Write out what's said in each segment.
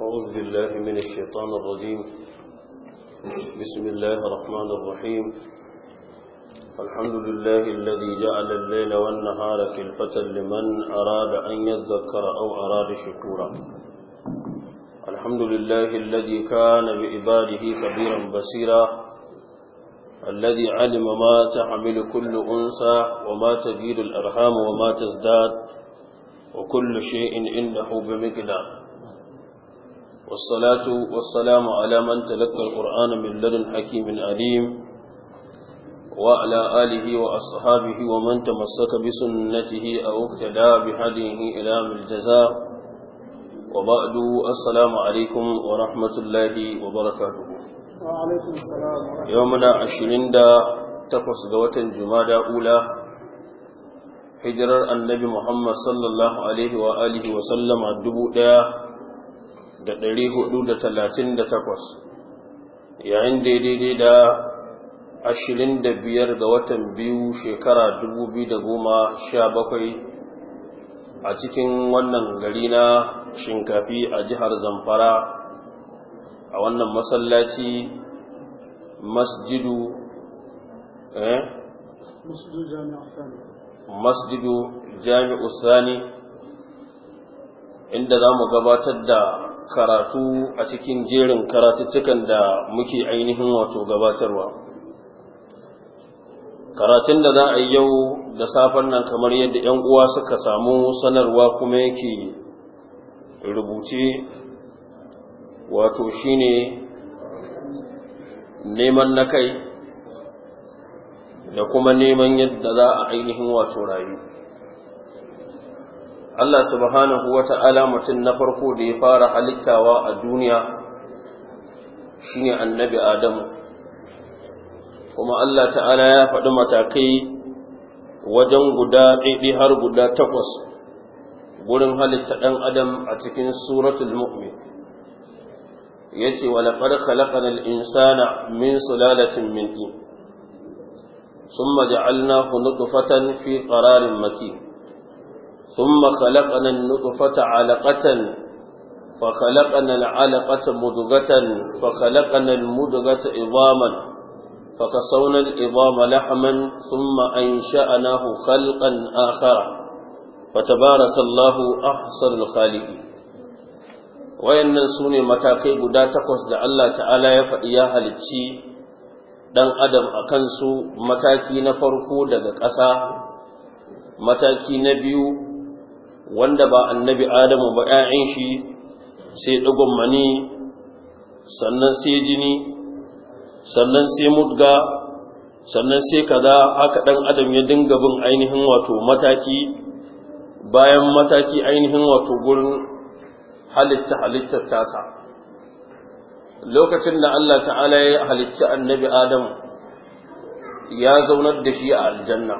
أعوذ بالله من الشيطان الرجيم بسم الله الرحمن الرحيم الحمد لله الذي جعل الليل والنهار خلفة لمن أراد أن يذكر أو أراد شكورا الحمد لله الذي كان بإباده كبيرا بصيرا الذي علم ما تحمل كل أنثى وما تجيد الأرحام وما تزداد وكل شيء إنه بمقدار والصلاة والسلام على من تلقى القرآن من لدن حكيم عليم وعلى آله وأصحابه ومن تمسك بسنته أو اقتدى بهديه إلى الجزاء وبعد السلام عليكم ورحمة الله وبركاته وعليكم السلام ورحمة يومنا عشرين دا تقص قوة جمادى أولى hijirar annabi Muhammad sallallahu Alaihi wa alihi wa sallama dubu ɗaya da ɗari hudu da talatin da takwas yayin daidai da ashirin da biyar ga watan biyu shekara dubu biyu da goma sha bakwai a cikin wannan gari na shinkafi a jihar zamfara a wannan masallaci masjidu eh? masjidu jami'u sani inda za mu gabatar da karatu a cikin jerin karatuttukan da muke ainihin wato gabatarwa karatun da za a yi yau da safen nan kamar yadda 'yan uwa suka samu sanarwa kuma yake rubuce wato shi ne neman na kai da kuma neman yadda za a ainihin wato rayu Allah subhanahu wa ta'ala mutum na farko da ya fara halittawa a duniya ne annabi Adamu, kuma Allah ta'ala ya faɗi matakai wajen guda ɗaiɗi har guda takwas gurin halitta ɗan Adam a cikin suratul mu'min. ya ce wa laƙar khalaƙar insana min sulalatin min ɗin, sun maja'alna hunuku fatan fi ƙararin maki. ثم خلقنا النطفة علقة فخلقنا العلقة مدغة فخلقنا المدغة عظاما فكسونا العظام لحما ثم أنشأناه خلقا آخر فتبارك الله أحسن الخالقين wayannan su ne matakai guda takwas da Allah ta'ala ya faɗi ya halicci ɗan adam a kansu mataki na farko daga ƙasa mataki na biyu wanda ba annabi adamu ba 'ya'yan shi sai ɗigon mani sannan sai jini sannan sai mudga sannan sai kaza haka ɗan adam ya dinga bin ainihin wato mataki bayan mataki ainihin wato gurin halitta halittar tasa lokacin da Allah ta'ala ya halitta annabi adamu ya zaunar da shi a aljanna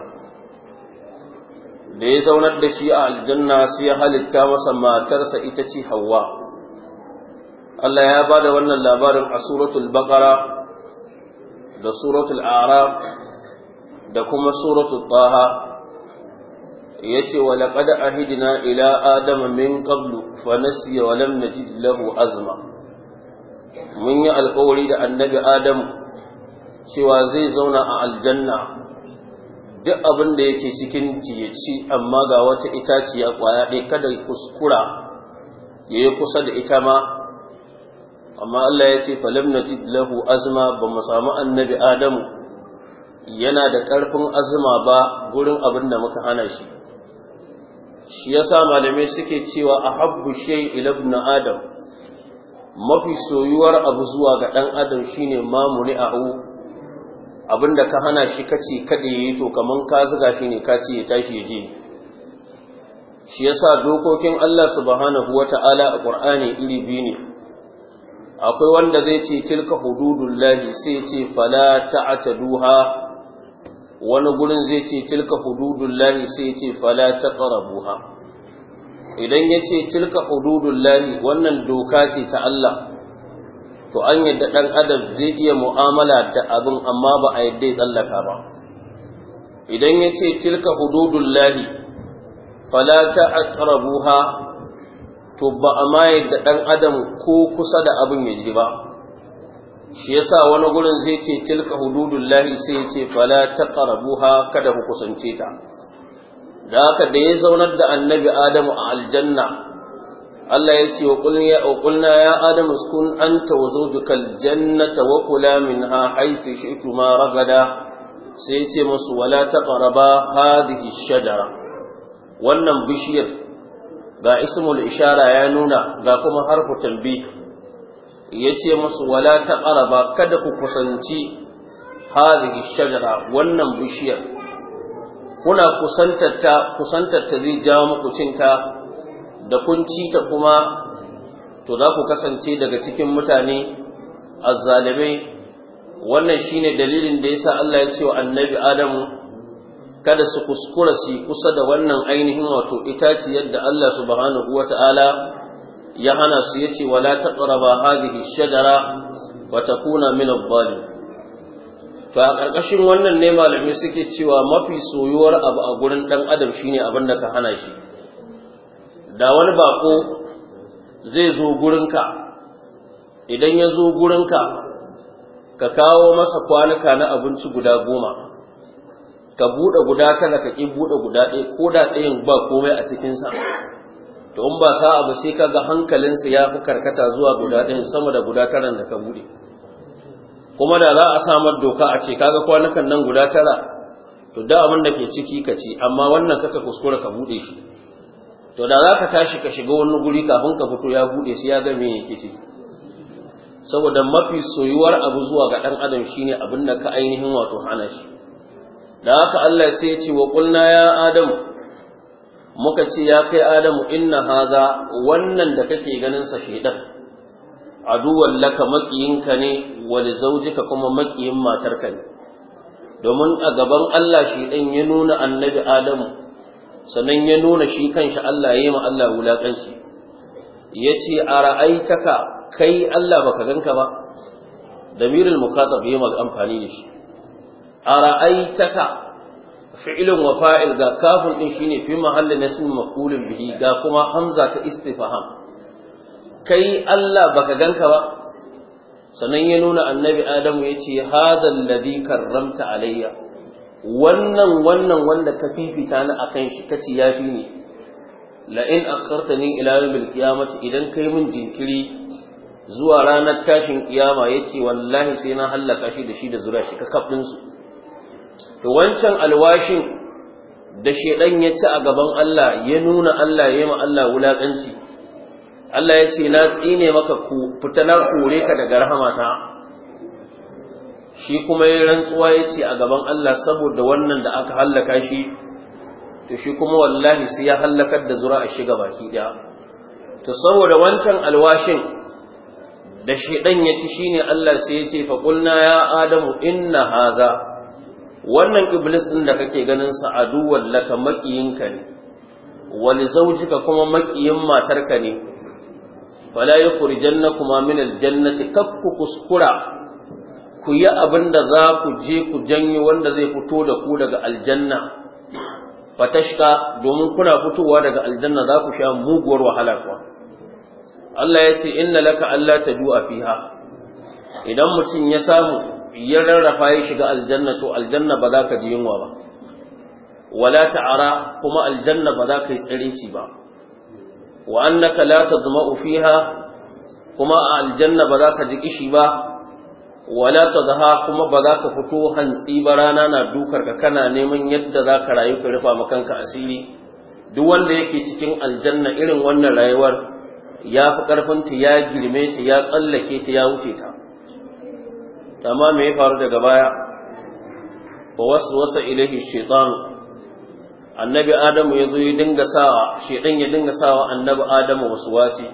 da ya zaunar da shi a aljanna sai ya halitta masa matarsa ita ce hawa Allah ya ba da wannan labarin a suratul baqara da suratul araf da kuma suratul taha ya ce wa laqad ahidna ila adama min qablu fa nasiya wa lam najid lahu azma mun yi alƙawari da annabi adamu cewa zai zauna a aljanna duk abin da yake cikin ci amma ga wata itaciya kwaya ɗaya kada kuskura ya yi kusa da ita ma amma Allah ya ce falim na lahu azma ba mu samu annabi adamu yana da ƙarfin azma ba gurin abin da muka hana shi shi ya sa malamai suke cewa a habbu shai ilabna adam mafi soyuwar abu zuwa ga ɗan adam shine mamuni a'u Abin da ka hana shi kace kada yi to kamar ka zuga shi ne ka ce ya tashi ya je shi yasa dokokin Allah subhanahu wata'ala a Qur'ani iri biyu ne akwai wanda zai ce tilka hududullahi sai ce fala ta'taduha wani gurin zai ce tilka hududullahi sai ce fala taqrabuha idan yace tilka hududullahi wannan doka ce ta Allah to an yadda ɗan adam zai iya mu'amala da abin amma ba a yadda ya tsallaka ba idan ya ce tilka hududun lahi falata a ƙarabuha to ba a ma yadda ɗan adam ko kusa da abin ya ji ba shi yasa wani gurin zai ce tilka hududun lahi sai ya ce falata ƙarabuha kada ku kusance ta da haka da ya zaunar da annabi adamu a aljanna Allah ya ce wa kulna ya Adam an ta wa zawjukal jannata wa kula minha haythu ma ragada sai ya ce musu wala ba hadhihi shajara wannan bishiyar ga ismul ishara ya nuna ga kuma harfu tambi ya ce musu wala ba, kada ku kusanci hadhihi shajara wannan bishiyar kuna kusantarta ta zai jawo muku cinta da kun ci ta kuma to za ku kasance daga cikin mutane azzalimai wannan shine dalilin da yasa Allah ya ce wa annabi Adamu kada su kuskura su kusa da wannan ainihin wato itaci yadda Allah subhanahu wata'ala ya hana su yace wala taqraba hadhihi shajara wa takuna min adh-dhalim to a ƙarƙashin wannan ne malamai suke cewa mafi soyuwar abu a gurin ɗan adam shine abin da ka hana shi da wani bako zai zo gurinka idan ya zo gurinka ka kawo masa kwanuka na abinci guda goma ka buɗe guda kada ka ƙi buɗe guda ɗaya ko da ɗayan ba komai a cikinsa to in ba sa ba sai ga hankalinsa ya fi karkata zuwa guda ɗayan sama da guda taran da ka buɗe kuma da za a samar doka a ce kaga kwanukan nan guda tara to da abin da ke ciki ka ci amma wannan kaka kuskura ka buɗe shi to da za ka tashi ka shiga wani guri kafin ka fito ya buɗe sai ya ga me yake saboda mafi soyuwar abu zuwa ga ɗan adam shine abin da ka ainihin wato hana shi da haka Allah sai ya ce wa kulna ya adam muka ce ya kai adamu inna haza wannan da kake ganin sa shedan aduwan laka makiyinka ne wa zaujika kuma makiyin matarka ne domin a gaban Allah shedan ya nuna annabi adamu sannan ya nuna shi kanshi Allah ya yi ma Allah wulaƙanci ya ce a ra'aitaka kai Allah baka ganka ba Da damirul muqatab ya yi amfani da shi a ra'aitaka fi'ilun wa fa'il ga kafin ɗin shi ne fi mahallin nasb maqulun bihi ga kuma hamza ta istifham kai Allah baka ganka ba sannan ya nuna annabi adamu yace hadha alladhi karramta alayya wannan wannan wanda ka fifita ni akan shi kace ya fi ni la in akhartani ila yawmil qiyamati idan kai min jinkiri zuwa ranar tashin kiyama yace wallahi sai na hallaka shi da shi da zura shi ka kafin su to wancan alwashin da shedan ya ci a gaban Allah ya nuna Allah ya ma Allah wulakanci Allah ya ce na tsine maka ku fita na kore ka daga rahamata shi kuma ya rantsuwa ya ce a gaban Allah saboda wannan da aka hallaka shi to shi kuma wallahi sai ya hallakar da zura a shiga baki ɗaya. to saboda wancan alwashin da shedan ya ci shine Allah sai ya ce fa ya adamu inna haza wannan iblis ɗin da kake ganin sa aduwwan laka makiyinka ne wali zaujika kuma makiyin matarka ne fala yukhrijannakuma min aljannati kakku kuskura ku yi abin da za ku je ku janyo wanda zai fito da ku daga aljanna fatashka domin kuna fitowa daga aljanna za ku sha muguwar wahala kuwa Allah ya ce inna laka Allah ta ju'a fiha idan mutum ya samu ya rarrafa ya shiga aljanna to aljanna ba za ka ji yunwa ba wala ta'ara kuma aljanna ba za ka yi tsireci ba wa annaka la tadma'u fiha kuma a aljanna ba za ka ji kishi ba wala ta zaha kuma ba za ka fito hantsi ba rana na dukar ka kana neman yadda za ka rayu ka rufa ma kanka asiri duk wanda yake cikin aljanna irin wannan rayuwar ya fi karfin ta ya girme ta ya tsallake ta ya wuce ta amma me ya faru daga baya wasu waswasa ilahi shaitan annabi adamu ya zo ya dinga sawa shaitan ya dinga sawa annabi adamu wasi.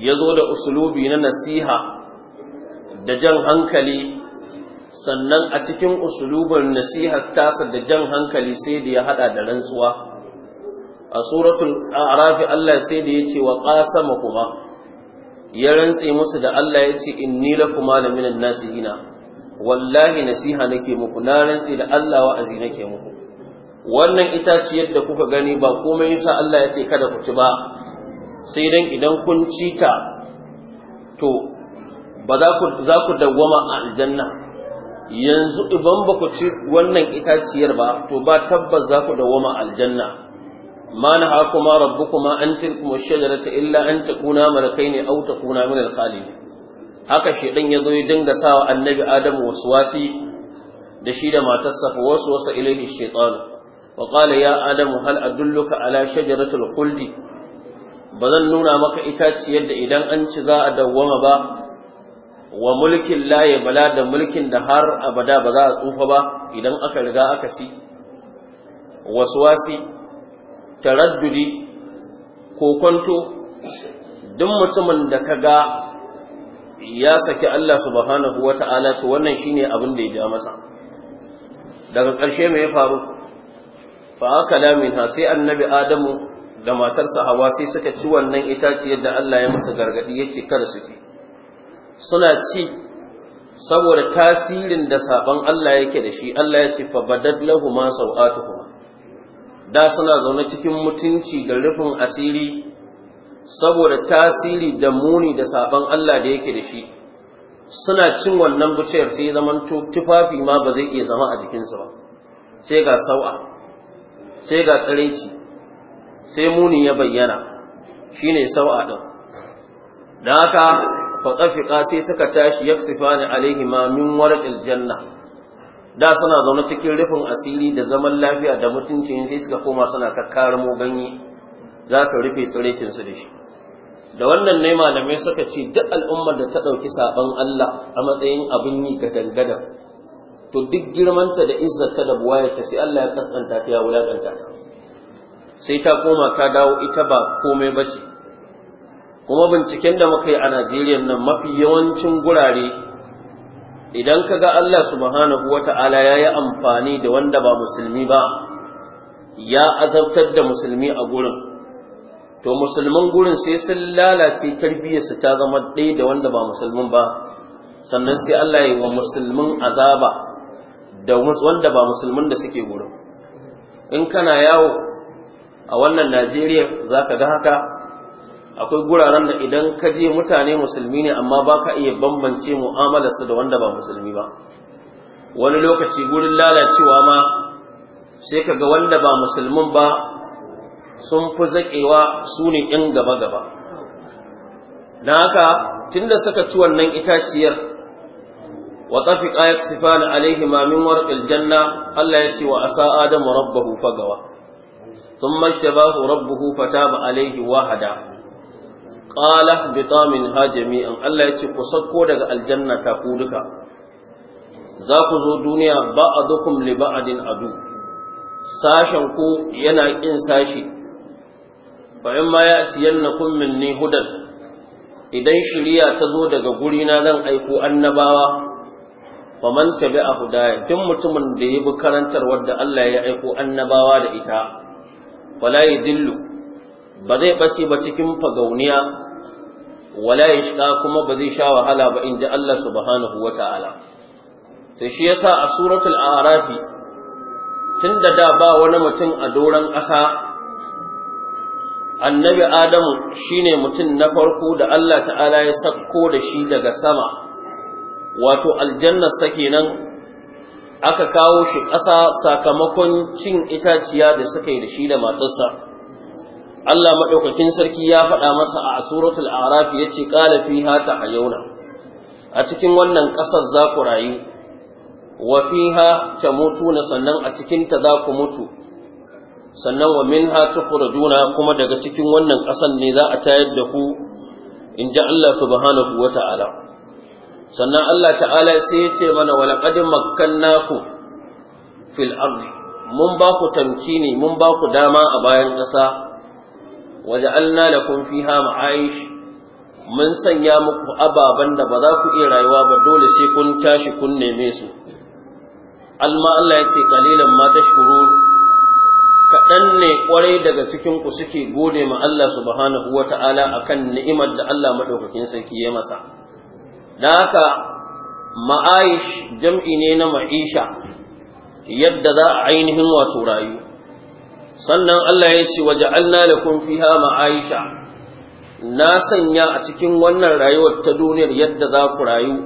ya zo da usulubi na nasiha da jan hankali sannan a cikin usulubar nasihar tasa da jan hankali sai da ya hada da rantsuwa a suratul a'rafi Allah sai da yace wa qasama kuma ya rantse musu da Allah yace inni lakuma minan nasihina wallahi nasiha nake muku na rantse da Allah wa'azi nake muku wannan ita ce yadda kuka gani ba komai yasa Allah yace kada ku ci ba sai dan idan kun ci ta to ba za ku dawwama a aljanna yanzu idan ba ku ci wannan itaciyar ba to ba tabbas za ku dawwama aljanna Mana kuma نهاكما ta, illa an الشجرة إلا أن ne au ta تكونا min الخالدين haka shedan ya zo ya dinga sawa annabi adam waswasi da shi da matarsa fa waswasa ilayhi shaytan wa qala ya adam hal adulluka ala shajaratil khuldi bazan nuna maka itaciyar da idan an ci za a dawwama ba wa mulkin laye bala da mulkin da har abada ba za a tsufa ba idan aka riga aka si waswasi taraddudi kokonto duk mutumin da ka ga ya saki Allah subhanahu wa ta'ala to wannan shine abin da ya ja masa daga ƙarshe mai faru fa akala minha sai annabi adamu da matarsa hawa sai suka ci wannan itaciyar da Allah ya masa gargadi yake kada su ci suna ci saboda tasirin da saban Allah yake da shi Allah ya ce fa badad lahuma sau'atuhuma da suna zaune cikin mutunci da rufin asiri saboda tasiri da muni da saban Allah da yake da shi suna cin wannan bishiyar sai zaman tufafi ma ba zai iya zama a jikinsu ba sai ga sau'a sai ga tsiraici sai muni ya bayyana shine sau'a din da haka faɗafiƙa sai suka tashi ya sifani ma min waraƙil janna da suna zaune cikin rufin asiri da zaman lafiya da mutuncin sai suka koma suna mu ganye za su rufe tsirecinsu da shi da wannan ne malamai suka ce duk al'ummar da ta ɗauki saɓon Allah a matsayin abin yi ga dangada to duk girmanta da ta da buwayarta sai Allah ya kasanta ta ya wulaƙanta ta sai ta koma ta dawo ita ba komai bace kuma binciken da muka yi a Najeriya nan mafi yawancin gurare idan ka ga Allah subhanahu wata'ala ya yi amfani da wanda ba musulmi ba ya azabtar da musulmi a gurin to musulman gurin sai sun lalace tarbiyyarsu ta zama ɗaya da wanda ba musulmin ba sannan sai Allah ya yi wa musulmin azaba da wanda ba musulmin da suke gurin in kana yawo a wannan Najeriya za ka ga haka akwai guraren da idan ka je mutane musulmi ne amma ba ka iya bambance mu'amalarsu da wanda ba musulmi ba wani lokaci gurin lalacewa ma sai ka ga wanda ba musulmin ba sun fi zaƙewa su ne ‘yan gaba-gaba na haka tun da suka ci wannan itaciyar wa وطفقا يكسفان عليهما من ورق الجنة الله يتي وعسى آدم ربه فقوى ثم hufa ta ba alaihi wahada. qala bita min ha jami'an Allah ya ce ku sako daga aljanna ta ku duka za ku zo duniya ba'adukum li ba'adin adu sashen ku yana kin sashi fa in ma ya'tiyannakum minni hudan idan shiriya ta zo daga guri na zan aiko annabawa faman a hudaya duk mutumin da ya bi karantar wadda Allah ya aiko annabawa da ita wala yadillu ba zai ɓace ba cikin fagauniya wala ya shiga kuma ba zai sha wahala ba inda Allah subhanahu wa ta'ala ta shi yasa a suratul arafi tun da da ba wani mutum a doron ƙasa annabi adamu shine mutum na farko da Allah ta'ala ya sakko da shi daga sama wato aljanna aljannarsa kenan aka kawo shi ƙasa sakamakon cin itaciya da suka yi da shi da matarsa Allah maɗaukakin sarki ya faɗa masa a suratul araf yace qala fiha tahayuna a cikin wannan ƙasar za ku rayu wa mutu na sannan a cikinta za ku mutu sannan wa minha juna, kuma daga cikin wannan ƙasar ne za a tayar da ku in ji Allah subhanahu wata'ala sannan Allah ta'ala sai ya ce mana wa laqad makkannaku fil ardi mun ba ku tamkini mun ba ku dama a bayan ƙasa waj'alna lakum fiha ma'aish mun sanya muku ababan da ba za ku iya rayuwa ba dole sai kun tashi kun neme su alma Allah ya ce qalilan ma tashkurun kaɗan ne kwarai daga cikin ku suke gode ma Allah subhanahu wata'ala akan ni'imar da Allah madaukakin sarki ya masa dan haka ma'aish jam'i ne na ma'isha yadda za a ainihin wato rayu sannan Allah ya ce waje Allah da kun fi hama Aisha na sanya a cikin wannan rayuwar ta duniyar yadda za ku rayu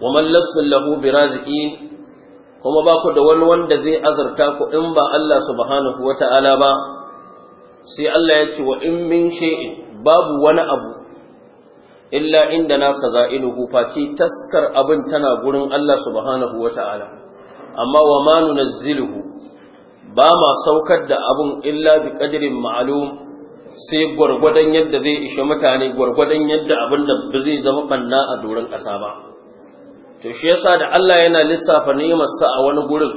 wa mallasun lahu bi kuma ba ku da wani wanda zai azurta ku in ba Allah subhanahu wa ta'ala ba sai Allah ya ce wa in min shay'in babu wani abu illa inda na khaza'iluhu face taskar abin tana gurin Allah subhanahu wa ta'ala amma wa ma nunazziluhu ba ma saukar da abun illa bi qadrin ma'alum sai gwargwadon yadda zai ishe mutane gwargwadon yadda abin da ba zai zama banna a doron ƙasa ba to shi yasa da Allah yana lissafa ni'imar sa a wani gurin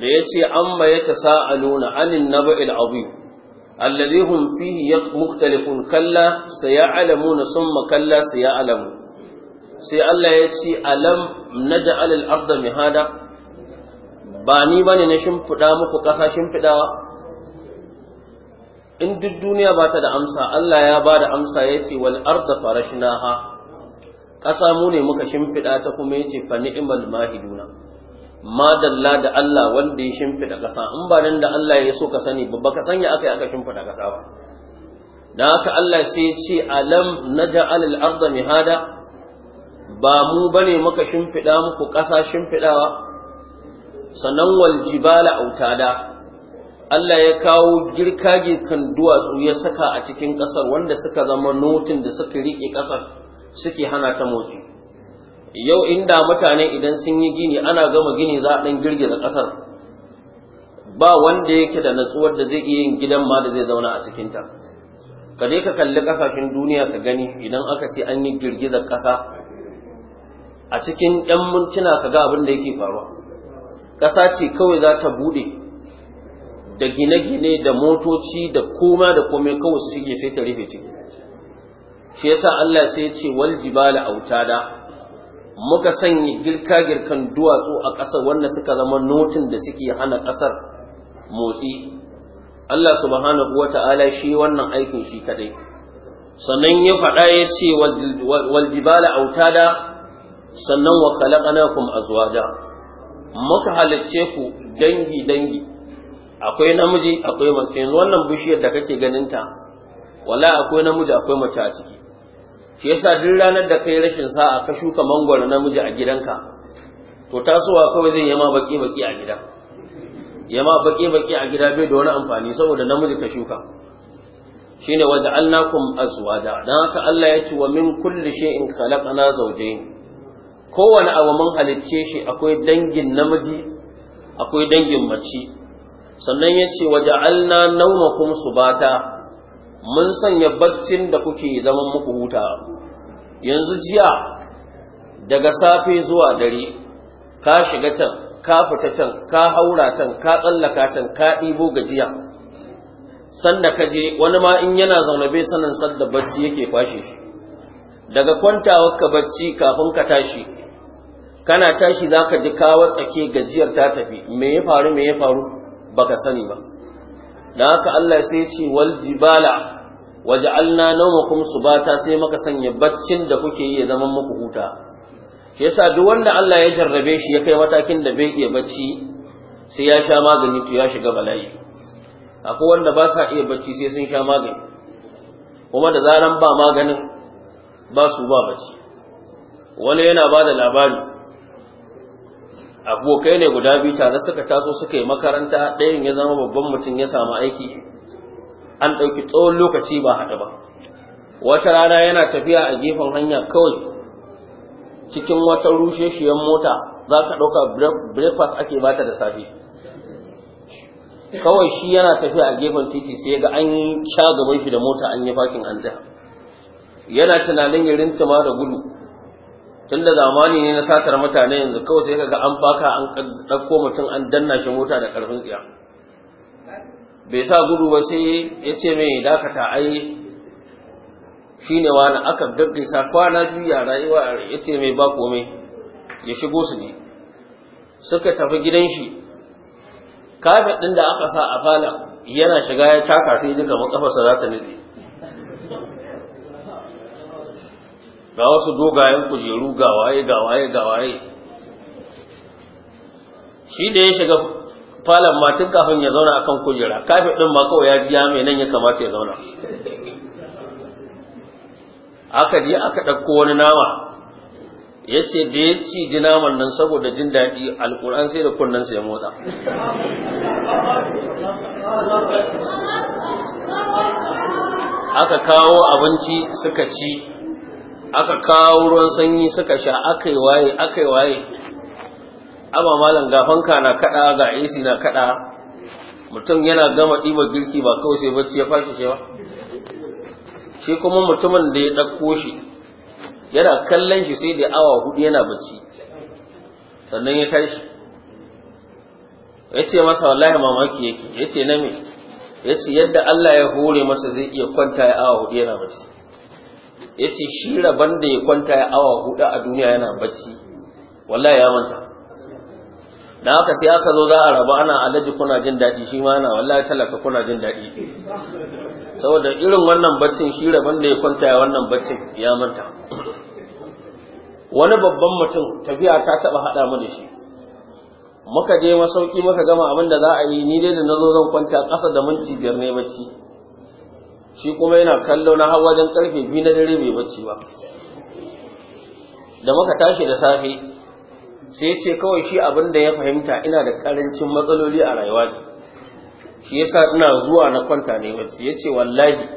da yace amma yatasaaluna anin naba'il azim alladhi hum fihi mukhtalifun kalla sayalamuna summa kalla sayalamu sai Allah ya ce alam naj'al al-ardha mihada ba ni bane na shimfiɗa muku ƙasa shimfiɗawa in duk duniya ba ta da amsa Allah ya ba da amsa ya ce wal arda farashnaha ƙasa mu ne muka shimfiɗa ta kuma ya ce fa ni'mal mahiduna madalla da Allah wanda ya shimfiɗa ƙasa in ba nan da Allah ya so ka sani ba ka sanya aka yi aka shimfiɗa ƙasa ba dan haka Allah sai ya ce alam naj'al al arda mihada ba mu bane muka shimfiɗa muku ƙasa shimfiɗawa sannan waljibala autada Allah ya kawo girkage kan duwatsu ya saka a cikin ƙasar wanda suka zama notin da suka riƙe ƙasar suke hana ta motsi. Yau inda mutane idan sun yi gini ana gama gini za a ɗan girgiza ƙasar. Ba wanda yake da natsuwar da zai iya yin gidan ma da zai zauna a cikinta. Ka dai ka kalli ƙasashen duniya ka gani idan aka ce an yi girgizar ƙasa a cikin ɗan mintuna ka ga abin da yake faruwa. ƙasa ce kawai za ta buɗe da gine-gine da motoci da koma da komai kawai su shige sai ta rufe ciki shi yasa Allah sai ya ce wal jibala autada muka sanya girka-girkan duwatsu a ƙasa wanda suka zama notin da suke hana ƙasar motsi Allah subhanahu wata'ala shi wannan aikin shi kadai sannan ya faɗa ya ce wal jibala autada sannan wa khalaqnakum azwaja muka halicce ku dangi dangi akwai namiji akwai mace yanzu wannan bishiyar da kake ganinta wala akwai namiji akwai mace a ciki shi yasa duk ranar da kai rashin sa'a ka shuka mangwaro namiji a gidanka to tasowa kawai zai yama baki baki a gida yama baki baki a gida bai da wani amfani saboda namiji ka shuka shine waja'alnakum azwaja dan haka Allah ya ce wa min kulli shay'in khalaqna zawjayn kowane abu mun halicce shi akwai dangin namiji akwai dangin mace sannan ya ce waje alna su subata mun sanya baccin da kuke zaman muku huta yanzu jiya daga safe zuwa dare ka shiga can ka fita can ka haura can ka tsallaka can ka ɗibo gajiya sanda ka je wani ma in yana zaune bai sanin sanda bacci yake kwashe shi daga ka bacci kafin ka tashi kana tashi za ka ji kawo tsake gajiyar ta tafi me ya faru me ya faru baka sani ba Da haka Allah sai ce wal jibala waj'alna nawmakum subata sai maka sanya baccin da kuke yi ya zama muku huta shi yasa duk wanda Allah ya jarrabe shi ya kai matakin da bai iya bacci sai ya sha magani to ya shiga bala'i akwai wanda ba sa iya bacci sai sun sha magani kuma da zaran ba maganin ba su ba bacci wani yana ba da labari abokai ne guda biyu tare suka taso suka yi makaranta ɗayan ya zama babban mutum ya samu aiki an ɗauki tsawon lokaci ba haɗu ba wata rana yana tafiya a gefen hanya kawai cikin wata shiyen mota za ka ɗauka breakfast ake bata da safe kawai shi yana tafiya a gefen titi sai ga an sha gaban shi da mota an yi fakin an yana tunanin ya rintama da gudu tun da zamani ne na satar mutane yanzu kawai sai kaga an baka an ɗauko mutum an danna shi mota da ƙarfin tsiya bai sa gudu ba sai ya ce mai dakata ai shi ne wani aka gaggaisa kwana biyu ya rayuwa ya ce mai ba komai ya shigo su ji suka tafi gidan shi kafin ɗin da aka sa a fala yana shiga ya taka sai duka makafarsa za ta nutse ga wasu dogayen kujeru ga waye ga waye ga waye shi da ya shiga falon ma kafin ya zauna akan kujera kafin din ma kawai ya ji ya mai nan ya kamata ya zauna aka je aka ɗauko wani nama ya ce da ya ci ji naman nan saboda jin daɗi alƙur'an sai da kunnen sai motsa aka kawo abinci suka ci aka kawo ruwan sanyi suka sha aka yi waye aka yi waye amma malam gafanka na kada ga AC na kada mutum yana gama ɗiba girki ba kawai sai bacci ya fashe shi ba shi kuma mutumin da ya ɗauko shi yana kallon shi sai da awa hudu yana bacci sannan ya tashi ya ce masa wallahi mamaki yake ya ce na me ya ce yadda Allah ya hore masa zai iya kwanta ya awa hudu yana bacci ya ce shi rabon da ya kwanta ya awa hudu a duniya yana bacci wallahi ya manta da haka sai aka zo za a raba ana alaji kuna jin daɗi shi ma na wallahi talaka kuna jin daɗi saboda irin wannan baccin shi rabon da ya kwanta ya wannan baccin ya manta wani babban mutum tafiya ta taɓa haɗa mu da shi muka je masauki muka gama abin da za a yi ni dai da na zo zan kwanta ƙasa da minti biyar ne bacci shi kuma yana kallo na har wajen karfe biyu na dare bai bacci ba da muka tashi da safe sai ce kawai shi abin da ya fahimta ina da karancin matsaloli a rayuwa Shi shi yasa ina zuwa na kwanta ne bacci ya ce wallahi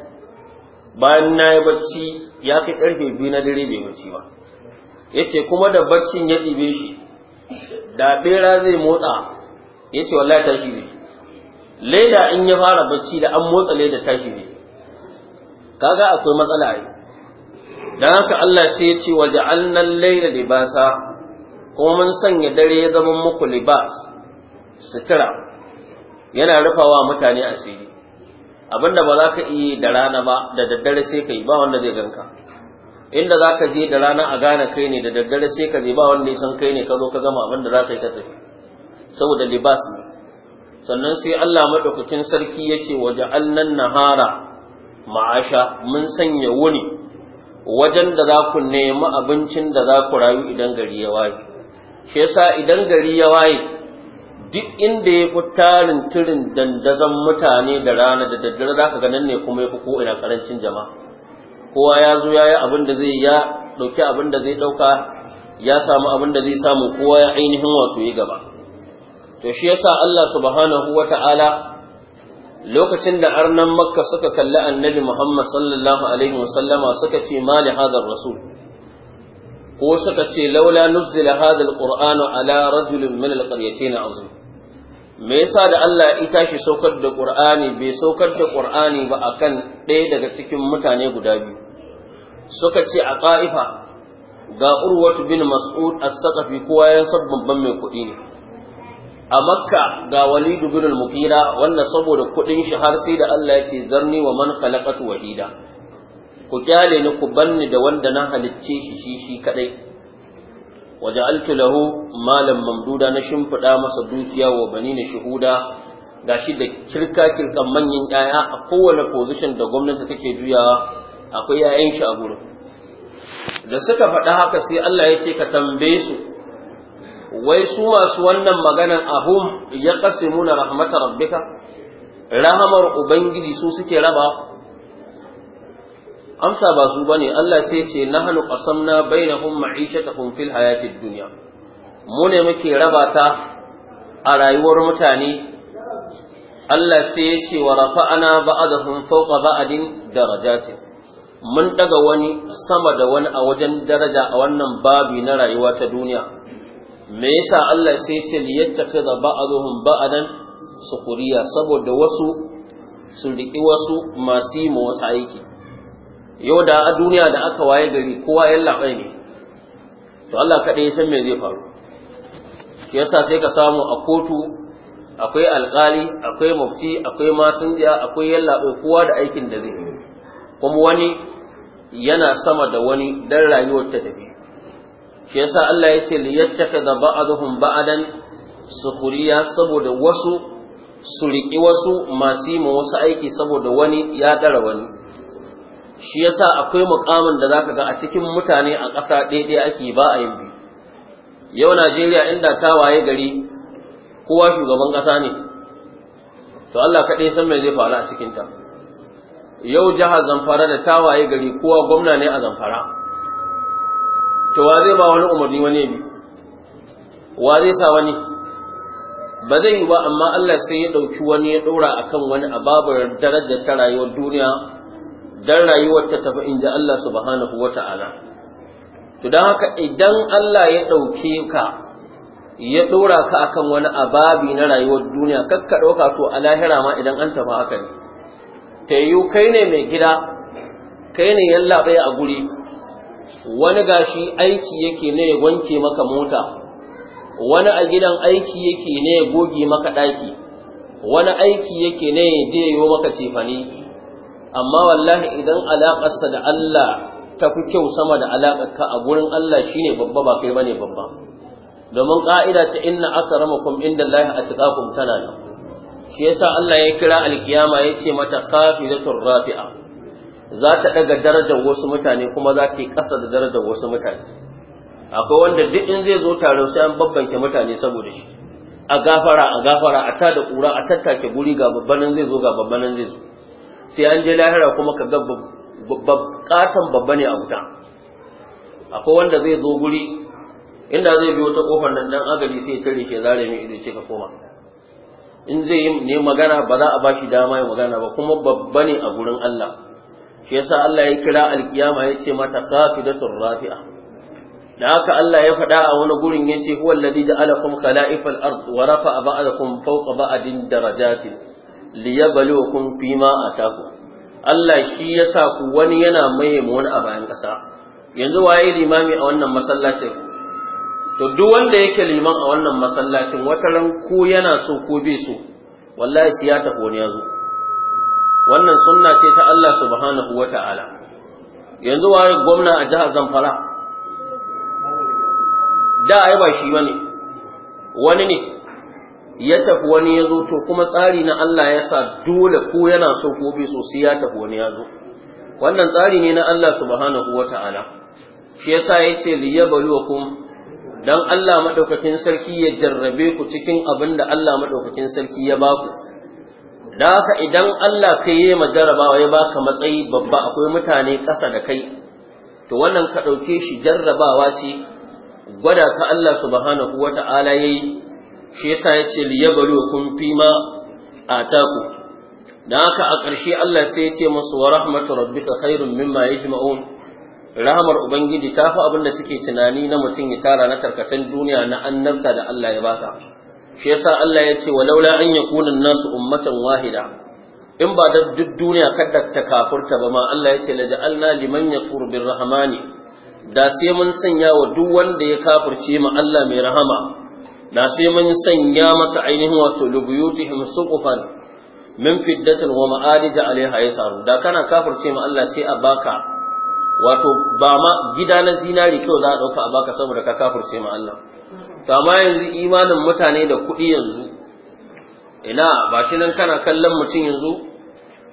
bayan na yi bacci ya kai karfe biyu na dare bai bacci ba ya ce kuma da baccin ya ɗibe shi da bera zai motsa ya ce wallahi tashi ne leda in ya fara bacci da an motsa leda tashi ne kaga akwai matsala ai dan haka Allah sai ya ce waja'alna al-layla libasa kuma mun sanya dare ya zama muku libas sutura yana rufawa mutane asiri abinda ba za ka yi da rana ba da daddare sai ka yi ba wanda zai ganka inda za ka je da rana a gane kai ne da daddare sai ka je ba wanda ya san kai ne ka zo ka gama abinda za ka yi ka tafi saboda libas ne sannan sai Allah madaukakin sarki ya ce waje allan nahara ma'asha mun sanya wuni wajen da za ku nemi abincin da za ku rayu idan gari ya waye shi yasa idan gari ya waye duk inda ya fi tarin tirin dandazon mutane da rana da daddare za ka ga nan ne kuma ya fi ko ina karancin jama'a kowa ya zo ya yi abin da zai ya ɗauki abin da zai ɗauka ya samu abin da zai samu kowa ya ainihin wato ya gaba to shi yasa Allah subhanahu wata'ala lokacin da arnan makka suka kalli annabi muhammad sallallahu alaihi wasallama suka ce ma li hadar rasul ko suka ce laula nuzzila hadha alqur'anu ala rajulin min alqaryatin azim me yasa da Allah ya tashi saukar da qur'ani bai saukar da qur'ani ba akan ɗaya daga cikin mutane guda biyu suka ce a qa'ifa ga urwatu bin mas'ud as-saqafi kowa ya san babban mai kuɗi ne a makka ga walidu bin al hira, wanda saboda kudin shi har sai da Allah ya ce zarni wa man khalaqatu wahida ku kyale ni ku banni da wanda na halicce shi shi shi kadai waja'altu lahu malam mamduda na shimfida masa dukiya wa bani na shuhuda gashi da kirka kirkan manyan yaya a kowane position da gwamnati take juyawa akwai yayan shi a gurin da suka faɗa haka sai Allah ya ce ka tambaye su wai su masu wannan maganan ahum ya muna rahmatar rabbika rahamar ubangiji su suke raba amsa ba su bane Allah sai ce nahnu qasamna bainahum ma'ishatahum fil hayatid dunya mu ne muke raba ta a rayuwar mutane Allah sai ya ce wa rafa'ana ba'dahum fawqa ba'din darajatin mun daga wani sama da wani a wajen daraja a wannan babi na rayuwa ta duniya me yasa Allah sai ce li yattakhidha ba'dhum ba'dan sukuriya saboda wasu su riki wasu masu yi ma wasu aiki yau da a duniya da aka waye gari kowa ya labai ne to Allah kaɗai ya san me zai faru shi yasa sai ka samu a kotu akwai alƙali akwai mufti akwai masinja akwai yallaɓe kowa da aikin da zai yi kuma wani yana sama da wani dan rayuwar ta tafi shi yasa Allah ya ce li da ba'dhum ba'dan sukuriya saboda wasu su riki wasu masu ma wasu aiki saboda wani ya dara wani shi yasa akwai mukamin da zaka ga a cikin mutane a ƙasa ɗaya ake ba a yin biyu yau Najeriya inda ta waye gari kowa shugaban ƙasa ne to Allah kaɗai san me zai faru a cikinta. yau jihar Zamfara da ta waye gari kowa gwamna ne a Zamfara to wa zai ba wani umarni wani bi wa zai sa wani ba zai yi ba amma Allah sai ya ɗauki wani ya ɗora a kan wani ababar darajar ta rayuwar duniya don rayuwar ta tafi inda Allah subhanahu wa ta'ala to don haka idan Allah ya ɗauke ka ya ɗora ka akan wani ababi na rayuwar duniya kakka ɗauka to a lahira ma idan an tafi haka ne ta yiwu kai ne mai gida kai ne yallaɓai a guri wani gashi aiki yake ne ya wanke maka mota wani a gidan aiki yake ne ya goge maka ɗaki wani aiki yake ne ya je yi maka cefani. amma wallahi idan alaƙarsa da Allah ta fi kyau sama da alaƙarka a gurin Allah shine babba ba kai bane babba domin ƙa'ida ta inna akramakum inda Allah a tana nan shi yasa Allah ya kira alkiyama ya ce mata khafidatur rafi'a za ta daga darajar wasu mutane kuma za ta yi ƙasa da darajar wasu mutane akwai wanda duk in zai zo tare sai an babbanke mutane saboda shi a gafara a gafara a da ƙura a tattake guri ga babbanin zai zo ga babbanin zai zo sai an je lahira kuma ka ga katan babba ne a wuta akwai wanda zai zo guri inda zai biyo ta kofar nan dan agali sai tare shi zare mai ido ce ka koma in zai yi ne magana ba za a ba shi dama ya magana ba kuma babba ne a gurin Allah shi yasa Allah ya kira alkiyama ya ce mata khafidatur rafi'a da haka Allah ya faɗa a wani gurin ya ce huwa alladhi ja'alakum khala'ifal ard wa rafa'a ba'dakum fawqa ba'din darajatin liyabluwakum fima ataku Allah shi ya ku wani yana maye a bayan kasa. yanzu waye limami a wannan masallacin to duk wanda yake liman a wannan masallacin wata ran ko yana so ko bai so wallahi siyata ya ne wani ya wannan sunna ce ta Allah subhanahu wa ta'ala yanzu waye gwamna a jihar Zamfara da ai ba shi bane wani ne ya tafi wani ya zo to kuma tsari na Allah ya sa dole ko yana so ko bai so sai ya tafi wani ya zo wannan tsari ne na Allah subhanahu wa ta'ala shi yasa yace kuma dan Allah madaukakin sarki ya jarrabe ku cikin abinda Allah madaukakin sarki ya baku da haka idan Allah kai yi ma jarrabawa ya baka matsayi babba akwai mutane ƙasa da kai to wannan ka ɗauke shi jarrabawa ce gwada ka Allah subhanahu wata'ala yayi shi yasa yace ma fima ataku da haka a ƙarshe Allah sai ya ce musu wa rahmatu rabbika khairun mimma yajma'un rahmar Ubangiji ta fi abin da suke tunani na mutum ya tara na tarkatan duniya na annabta da Allah ya baka. shi yasa Allah ya ce walaula an yakuna nasu ummatan wahida in ba da duk duniya kadda ta kafurta ba ma Allah ya ce la ja'alna liman yaqur bir rahmani da sai mun sanya wa duk wanda ya kafurce ma Allah mai rahama da sai mun sanya mata ainihin wato lubuyutihim suqufan min fiddatin wa ma'arij alaiha yasaru da kana kafurce ma Allah sai a baka wato ba ma gida na zinari kyau za a dauka a baka saboda ka kafurce ma Allah Kama yanzu imanin mutane da kuɗi yanzu ina ba shi nan kana kallon mutum yanzu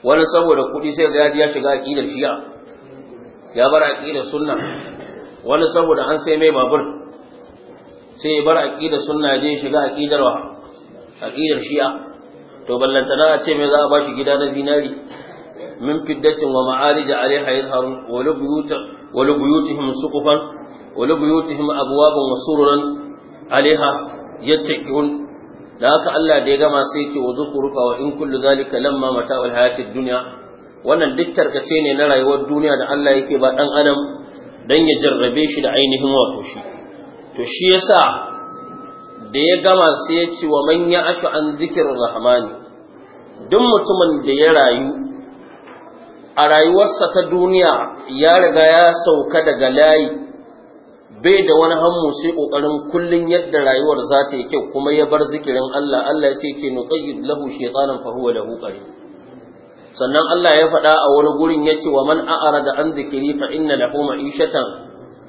wani saboda kuɗi sai ga ya shiga aƙidar shiya ya bar aƙidar sunna wani saboda an sai mai babur sai ya bar aƙidar sunna je shiga aƙidar aƙidar shiya to ballantana a ce mai za a ba shi gida na zinari min fiddatin wa ma'arij alaiha yadharun wa li buyutihim suqufan wa li buyutihim abwaban wa sururan alaiha yattaqun da haka Allah da ya gama sai yake wa zukuruka wa in kullu zalika lamma mata'ul hayatid dunya wannan duk tarkace ne na rayuwar duniya da Allah yake ba dan adam dan ya jarrabe shi da ainihin wato shi to shi yasa da ya gama sai ya ce wa man ya ashu an zikirin rahmani duk mutumin da ya rayu a rayuwarsa ta duniya ya riga ya sauka daga layi bai da wani hammu sai kokarin kullun yadda rayuwar za ta yi kyau kuma ya bar zikirin Allah Allah sai yake nuqayyid lahu shaytanan fa huwa lahu qarin sannan Allah ya faɗa a wani gurin ya ce wa man da an zikiri fa inna lahu ma'ishatan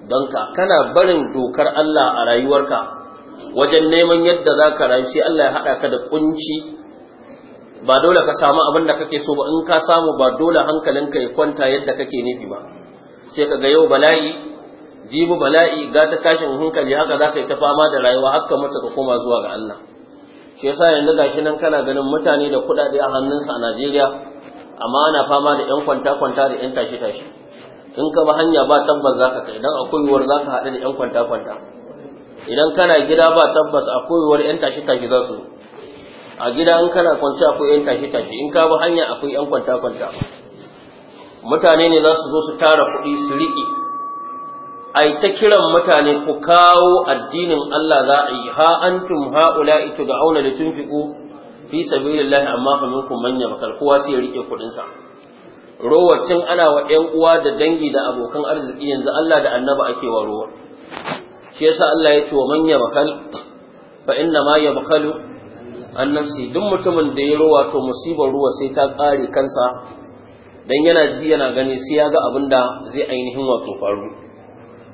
danka kana barin dokar Allah a rayuwarka wajen neman yadda za ka rayu sai Allah ya haɗa ka da kunci ba dole ka samu abin da kake so ba in ka samu ba dole hankalinka ya kwanta yadda kake nufi ba sai ka ga yau bala'i jibu bala'i ga ta tashin hankali haka za ka yi ta fama da rayuwa haka mata ka koma zuwa ga Allah shi yasa yanzu shi nan kana ganin mutane da kuɗaɗe a hannunsa a Najeriya amma ana fama da ƴan kwanta kwanta da ƴan tashi tashi in ka ba hanya ba tabbas za ka kai idan akwai yiwuwar ka haɗu da ƴan kwanta kwanta idan kana gida ba tabbas akwai yiwuwar ƴan tashi tashi za su a gida in kana kwance akwai ƴan tashi tashi in ka ba hanya akwai ƴan kwanta kwanta mutane ne za su zo su tara kuɗi su riƙe ai ta kiran mutane ku kawo addinin Allah za a yi ha an haula ita da auna da tun fiƙo? fi sabilillah amma fa minku manya yabkal kowa sai ya rike kuɗinsa. sa rowacin ana wa ƴan uwa da dangi da abokan arziki yanzu Allah da annaba ake wa rowa shi yasa Allah ya ce wa manya fa inna ma bakalu an nafsi duk mutumin da ya rowa to musibar ruwa sai ta kare kansa dan yana ji yana gani sai ya ga abin da zai ainihin wato faru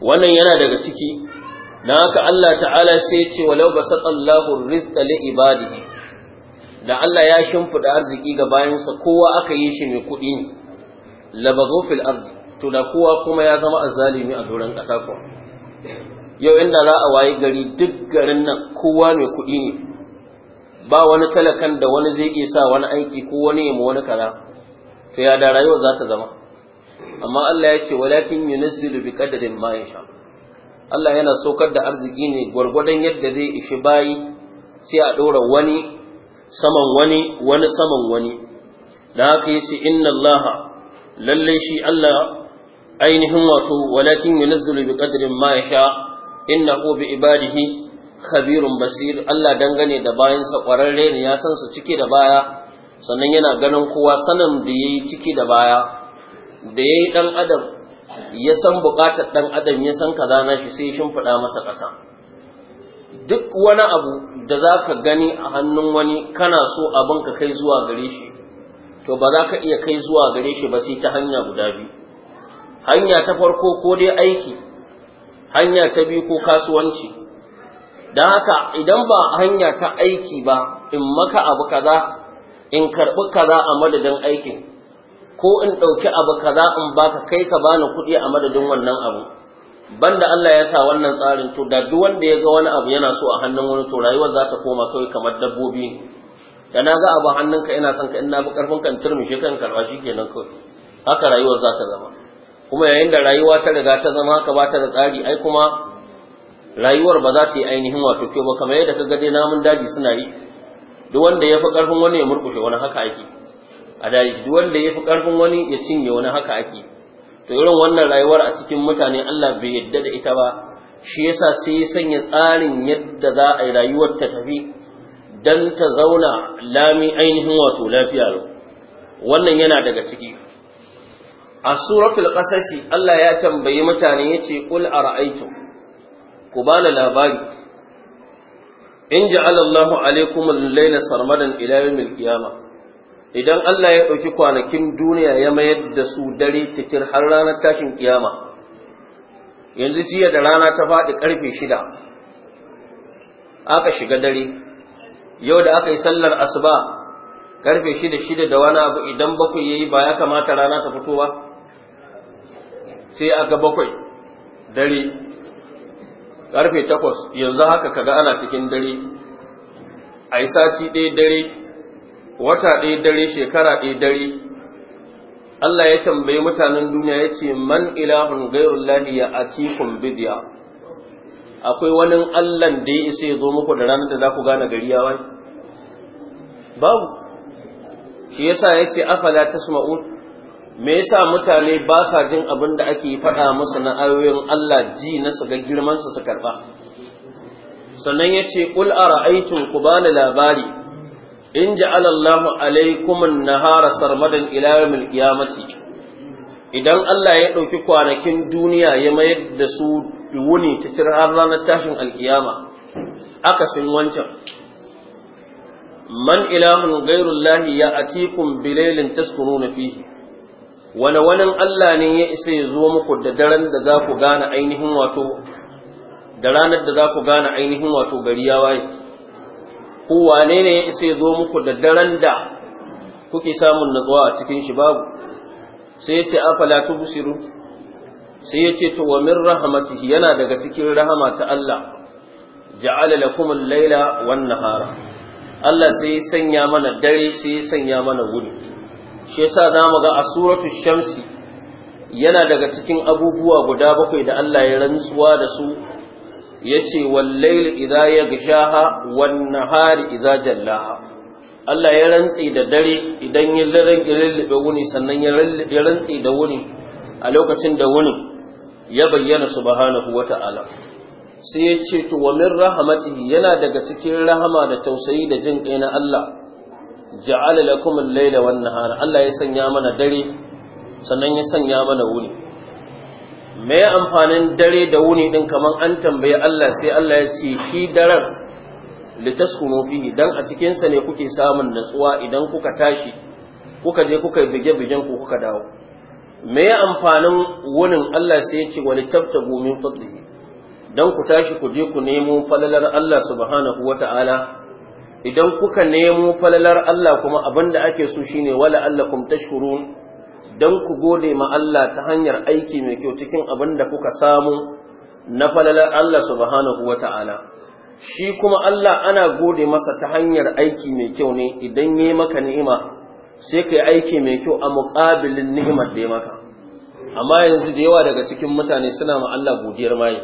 wannan yana daga ciki Na haka Allah ta'ala sai ya ce walau basatallahu rizqa li ibadihi da Allah ya shimfida arziki ga bayansa kowa aka yi shi mai kuɗi ne labaghu fil ardi to da kowa kuma ya zama azzalimi a doron ƙasa kuwa yau inda za a wayi gari duk garin nan kowa mai kuɗi ne ba wani talakan da wani zai iya sa wani aiki ko wani yamma wani kaza to ya da rayuwa za ta zama amma Allah ya ce walakin yunzilu bi qadarin ma yasha Allah yana saukar da arziki ne gwargwadon yadda zai ishi bayi sai a ɗora wani saman wani wani saman wani da haka ya ce inna Allah lallai shi Allah ainihin wato walakin yunzilu bi qadarin ma yasha hu bi ibadihi khabirun basir Allah dangane da bayansa kwararre ne ya san su ciki da baya sannan yana ganin kowa sanin da yayi ciki da baya da ya yi ɗan adam ya san buƙatar ɗan adam ya san kaza na shi sai shimfiɗa masa ƙasa duk wani abu da za ka gani a hannun wani kana so abin ka kai zuwa gare shi to ba za ka iya kai zuwa gare shi ba sai ta hanya guda biyu hanya ta farko ko dai aiki hanya ta biyu ko kasuwanci don haka idan ba hanya ta aiki ba in maka abu kaza in karɓi kaza a madadin aikin ko in ɗauki abu kaza in baka kai ka bani kuɗi a madadin wannan abu banda Allah ya sa wannan tsarin to da duk wanda ya ga wani abu yana so a hannun wani to rayuwar za ta koma kawai kamar dabbobi da na ga abu hannunka ina son ka ina bi karfin kan turmushe kan karba shi kenan kawai haka rayuwar za ta zama kuma yayin da rayuwa ta riga ta zama haka ba ta da tsari ai kuma rayuwar ba za ta yi ainihin wato kyau ba kamar yadda ka ga dai namun daji suna yi duk wanda ya fi karfin wani ya murkushe wani haka ake a daji duk wanda ya fi ƙarfin wani ya cinye wani haka ake to irin wannan rayuwar a cikin mutane Allah bai yadda da ita ba shi yasa sai ya sanya tsarin yadda za a yi rayuwar ta tafi dan ta zauna lami ainihin wato lafiya lau wannan yana daga ciki a suratul qasasi Allah ya tambayi mutane yace qul ara'aytum ku bani labari in ja'ala Allahu alaykum al-layla sarmadan ila yawmil qiyamah idan Allah ya ɗauki kwanakin duniya ya mayar da su dare titir har ranar tashin kiyama yanzu jiya da rana ta faɗi ƙarfe shida aka shiga dare yau da aka yi sallar asuba ƙarfe shida shida da wani abu idan bakwai ya yi ba ya kamata rana ta fito ba sai aga bakwai dare ƙarfe takwas yanzu haka kaga ana cikin dare a yi sati ɗaya dare wata ɗaya dare shekara ɗaya dare Allah ya tambayi mutanen duniya ya ce man ilahun gairun gairullahi ya cikin bidiya akwai wani allan da ya isa ya zo muku da ranar da za ku gane gari ya wai babu shi yasa ya ce afala tasma'un me yasa mutane ba sa jin abin da ake faɗa musu na ayoyin Allah ji na su ga girman su su karɓa sannan ya ce ƙul a ra'aitin ku bani labari in ja'ala Allahu alaikum an-nahara sarmadan ila yawmil qiyamati idan Allah ya dauki kwanakin duniya ya mayar da su wuni ta cir har ranar tashin alkiyama aka sin wancan man ilahun ghairullahi ya atikum bilailin taskununa fihi wani wani Allah ne ya isa ya zo muku da daren da za ku gane ainihin wato da ranar da za ku gane ainihin wato gari ya waye ko wane ne sai zo muku da daren da kuke samun natsuwa a cikin shi babu sai yace afala tubsiru sai yace to wa min rahmatihi yana daga cikin rahama ta Allah ja'ala lakum al-laila wan nahara Allah sai sanya mana dare sai ya sanya mana wuni shi yasa zamu ga a suratu shamsi yana daga cikin abubuwa guda bakwai da Allah ya rantsuwa da su yace wallayl idza yaghshaha wan nahari idza jallaha Allah ya rantsi da dare idan ya lullube wuni sannan ya rantsi da wuni a lokacin da wuni ya bayyana subhanahu wata'ala sai ya ce to wa min rahmatihi yana daga cikin rahama da tausayi da jin kai na Allah ja'ala lakum al-laila wan nahara Allah ya sanya mana dare sannan ya sanya mana wuni me amfanin dare da wuni din kamar an tambaye Allah sai Allah ya ce shi daren litaskunu fihi dan a cikin ne kuke samun natsuwa idan kuka tashi kuka je kuka yi bige bigen ku kuka dawo me amfanin wunin Allah sai ya ce walitabtagu min fadlihi dan ku tashi ku je ku nemo falalar Allah subhanahu wata'ala idan kuka nemo falalar Allah kuma abinda ake so shine wala allakum tashkurun don ku gode ma Allah ta hanyar aiki mai kyau cikin abin da kuka samu na falalar Allah subhanahu wa ta'ala. Shi kuma Allah ana gode masa ta hanyar aiki mai kyau ne idan ya maka ni'ima sai ka yi aiki mai kyau a muƙabilin ni'imar da ya maka. Amma yanzu da yawa daga cikin mutane suna ma Allah godiyar maye.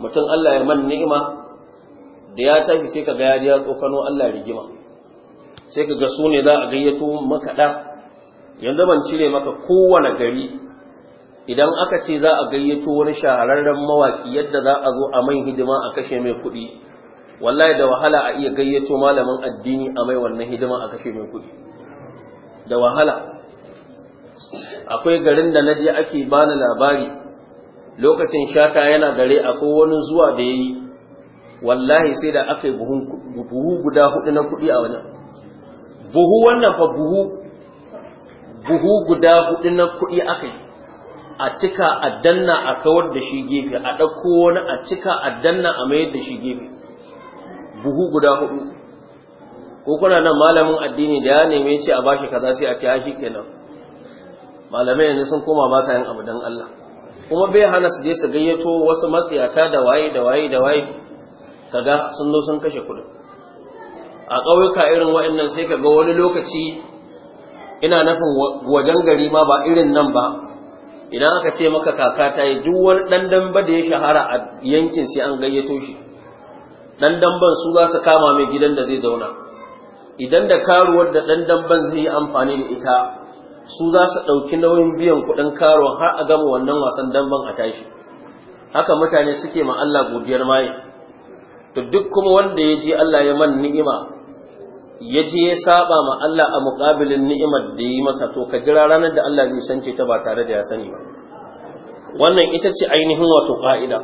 Mutum Allah ya man ni'ima da ya tafi sai ka ga ya tsofano Allah rigima. Sai ka ga su ne za a gayyato makaɗa yanzu ban cire maka kowane gari idan aka ce za a gayyato wani shahararren mawaki yadda za a zo a mai hidima a kashe mai kuɗi wallahi da wahala a iya gayyato malamin addini a mai wannan hidima a kashe mai kuɗi da wahala akwai garin da naje ake bani labari lokacin shata yana gare akwai wani zuwa da yayi wallahi sai da aka yi buhu guda hudu na kuɗi a wannan buhu wannan fa buhu buhu guda hudu na kuɗi aka yi a cika a danna a kawar da shi gefe a ɗauko wani a cika a danna a mayar da shi gefe buhu guda hudu ko kuna nan malamin addini da ya neme ce a bashi kaza sai a ce shi kenan malamai yanzu sun koma ba sa yin abu don Allah kuma bai hana su je su gayyato wasu matsiyata da waye da waye da waye kaga sun zo sun kashe kuɗi. a ƙauyuka irin waɗannan sai ka ga wani lokaci ina nufin wajen gari ma ba irin nan ba idan aka ce maka kaka ta yi duk wani ɗan ba da ya shahara a yankin sai an gayyato shi dandan ban su za su kama mai gidan da zai zauna idan da karuwar da ɗan ban zai yi amfani da ita su za su ɗauki nauyin biyan kuɗin karuwa har a gama wannan wasan damban a tashi haka mutane suke ma Allah godiyar maye to duk kuma wanda ya ji Allah ya man ni'ima ya je ya saba ma Allah a muƙabilin ni'imar da yi masa to ka jira ranar da Allah zai sance ta ba tare da ya sani ba wannan ita ce ainihin wato ƙa'ida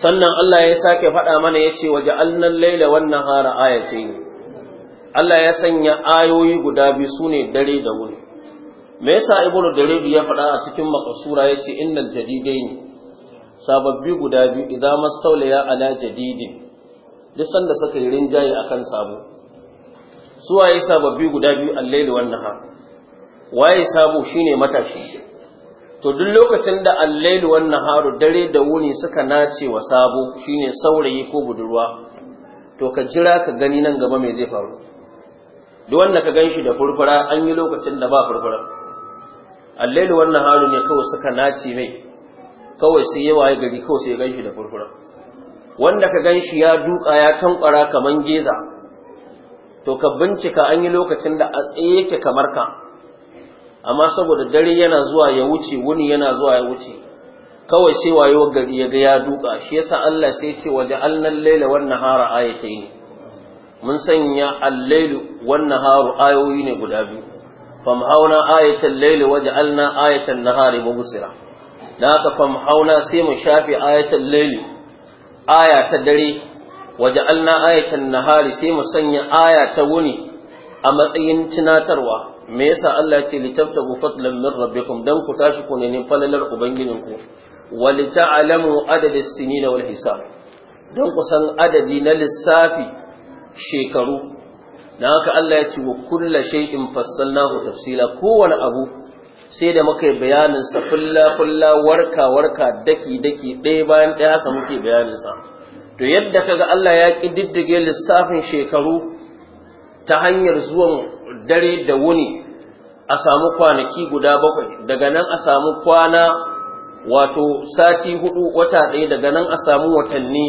sannan Allah ya sake faɗa mana ya ce waje annan laila wannan hara ayace ne Allah ya sanya ayoyi guda biyu su ne dare da wuri. me yasa ibnu darid ya faɗa a cikin makasura ya ce innal jadidain sababbi guda biyu idan mastawliya ala jadidin duk sanda suka yi rinjaye akan sabo waye sababbi guda biyu allaili wannan ha waye sabo shine matashi to duk lokacin da allaili wan haru dare da wuni suka nace wa sabo shine saurayi ko budurwa to ka jira ka gani nan gaba me zai faru duk wanda ka ganshi da furfura an yi lokacin da ba furfura allaili wannan haru ne kawai suka nace mai kawai sai ya gari kawai sai ya ganshi da furfura wanda ka ganshi ya duka ya tankwara kaman geza to ka bincika an yi lokacin da a tsaye yake kamar ka amma saboda dare yana zuwa ya wuce wuni yana zuwa ya wuce kawai sai wayo gari ya ga ya duka shi yasa Allah sai ce waje alnan laila wan nahara ayatayn mun sanya al-lailu wan naharu ayoyi ne guda biyu famhauna ayatan laili waje alna ayatan nahari mubsira da haka famhauna sai mu shafe ayatan laili aya ta dare Waje waja'alna ayatan nahari sai mu sanya aya ta wuni a matsayin tunatarwa me yasa Allah ce tabtagu fadlan min rabbikum dan ku tashi ku nemi falalar ubangijinku wa lita'lamu adad as-sinina wal hisab dan ku san adadi na lissafi shekaru dan haka Allah ya ce wa kullu shay'in fassalnahu tafsila kowane abu sai da muka yi bayanin sa kulla kulla warka warka daki daki ɗaya bayan ɗaya haka muke bayanin sa to yadda kaga Allah ya diddige lissafin shekaru ta hanyar zuwan dare da wuni a samu kwanaki guda bakwai daga nan a samu kwana wato sati hudu wata ɗaya daga nan a samu watanni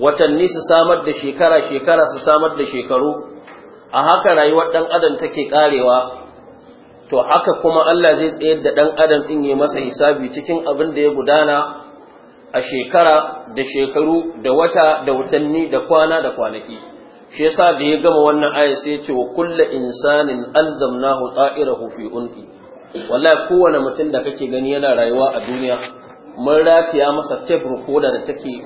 watanni su samar da shekara shekara su samar da shekaru a haka rayuwar ɗan adam take ƙarewa to haka kuma Allah zai tsayar da ɗan adam ɗin ya masa hisabi cikin abin da ya gudana a shekara da shekaru da wata da watanni da kwana da kwanaki shi yasa da ya gama wannan aya sai ya ce wa kullu insanin alzamnahu ta'irahu fi unqi wallahi kowane mutum da kake gani yana rayuwa a duniya mun rataya masa tape recorder da take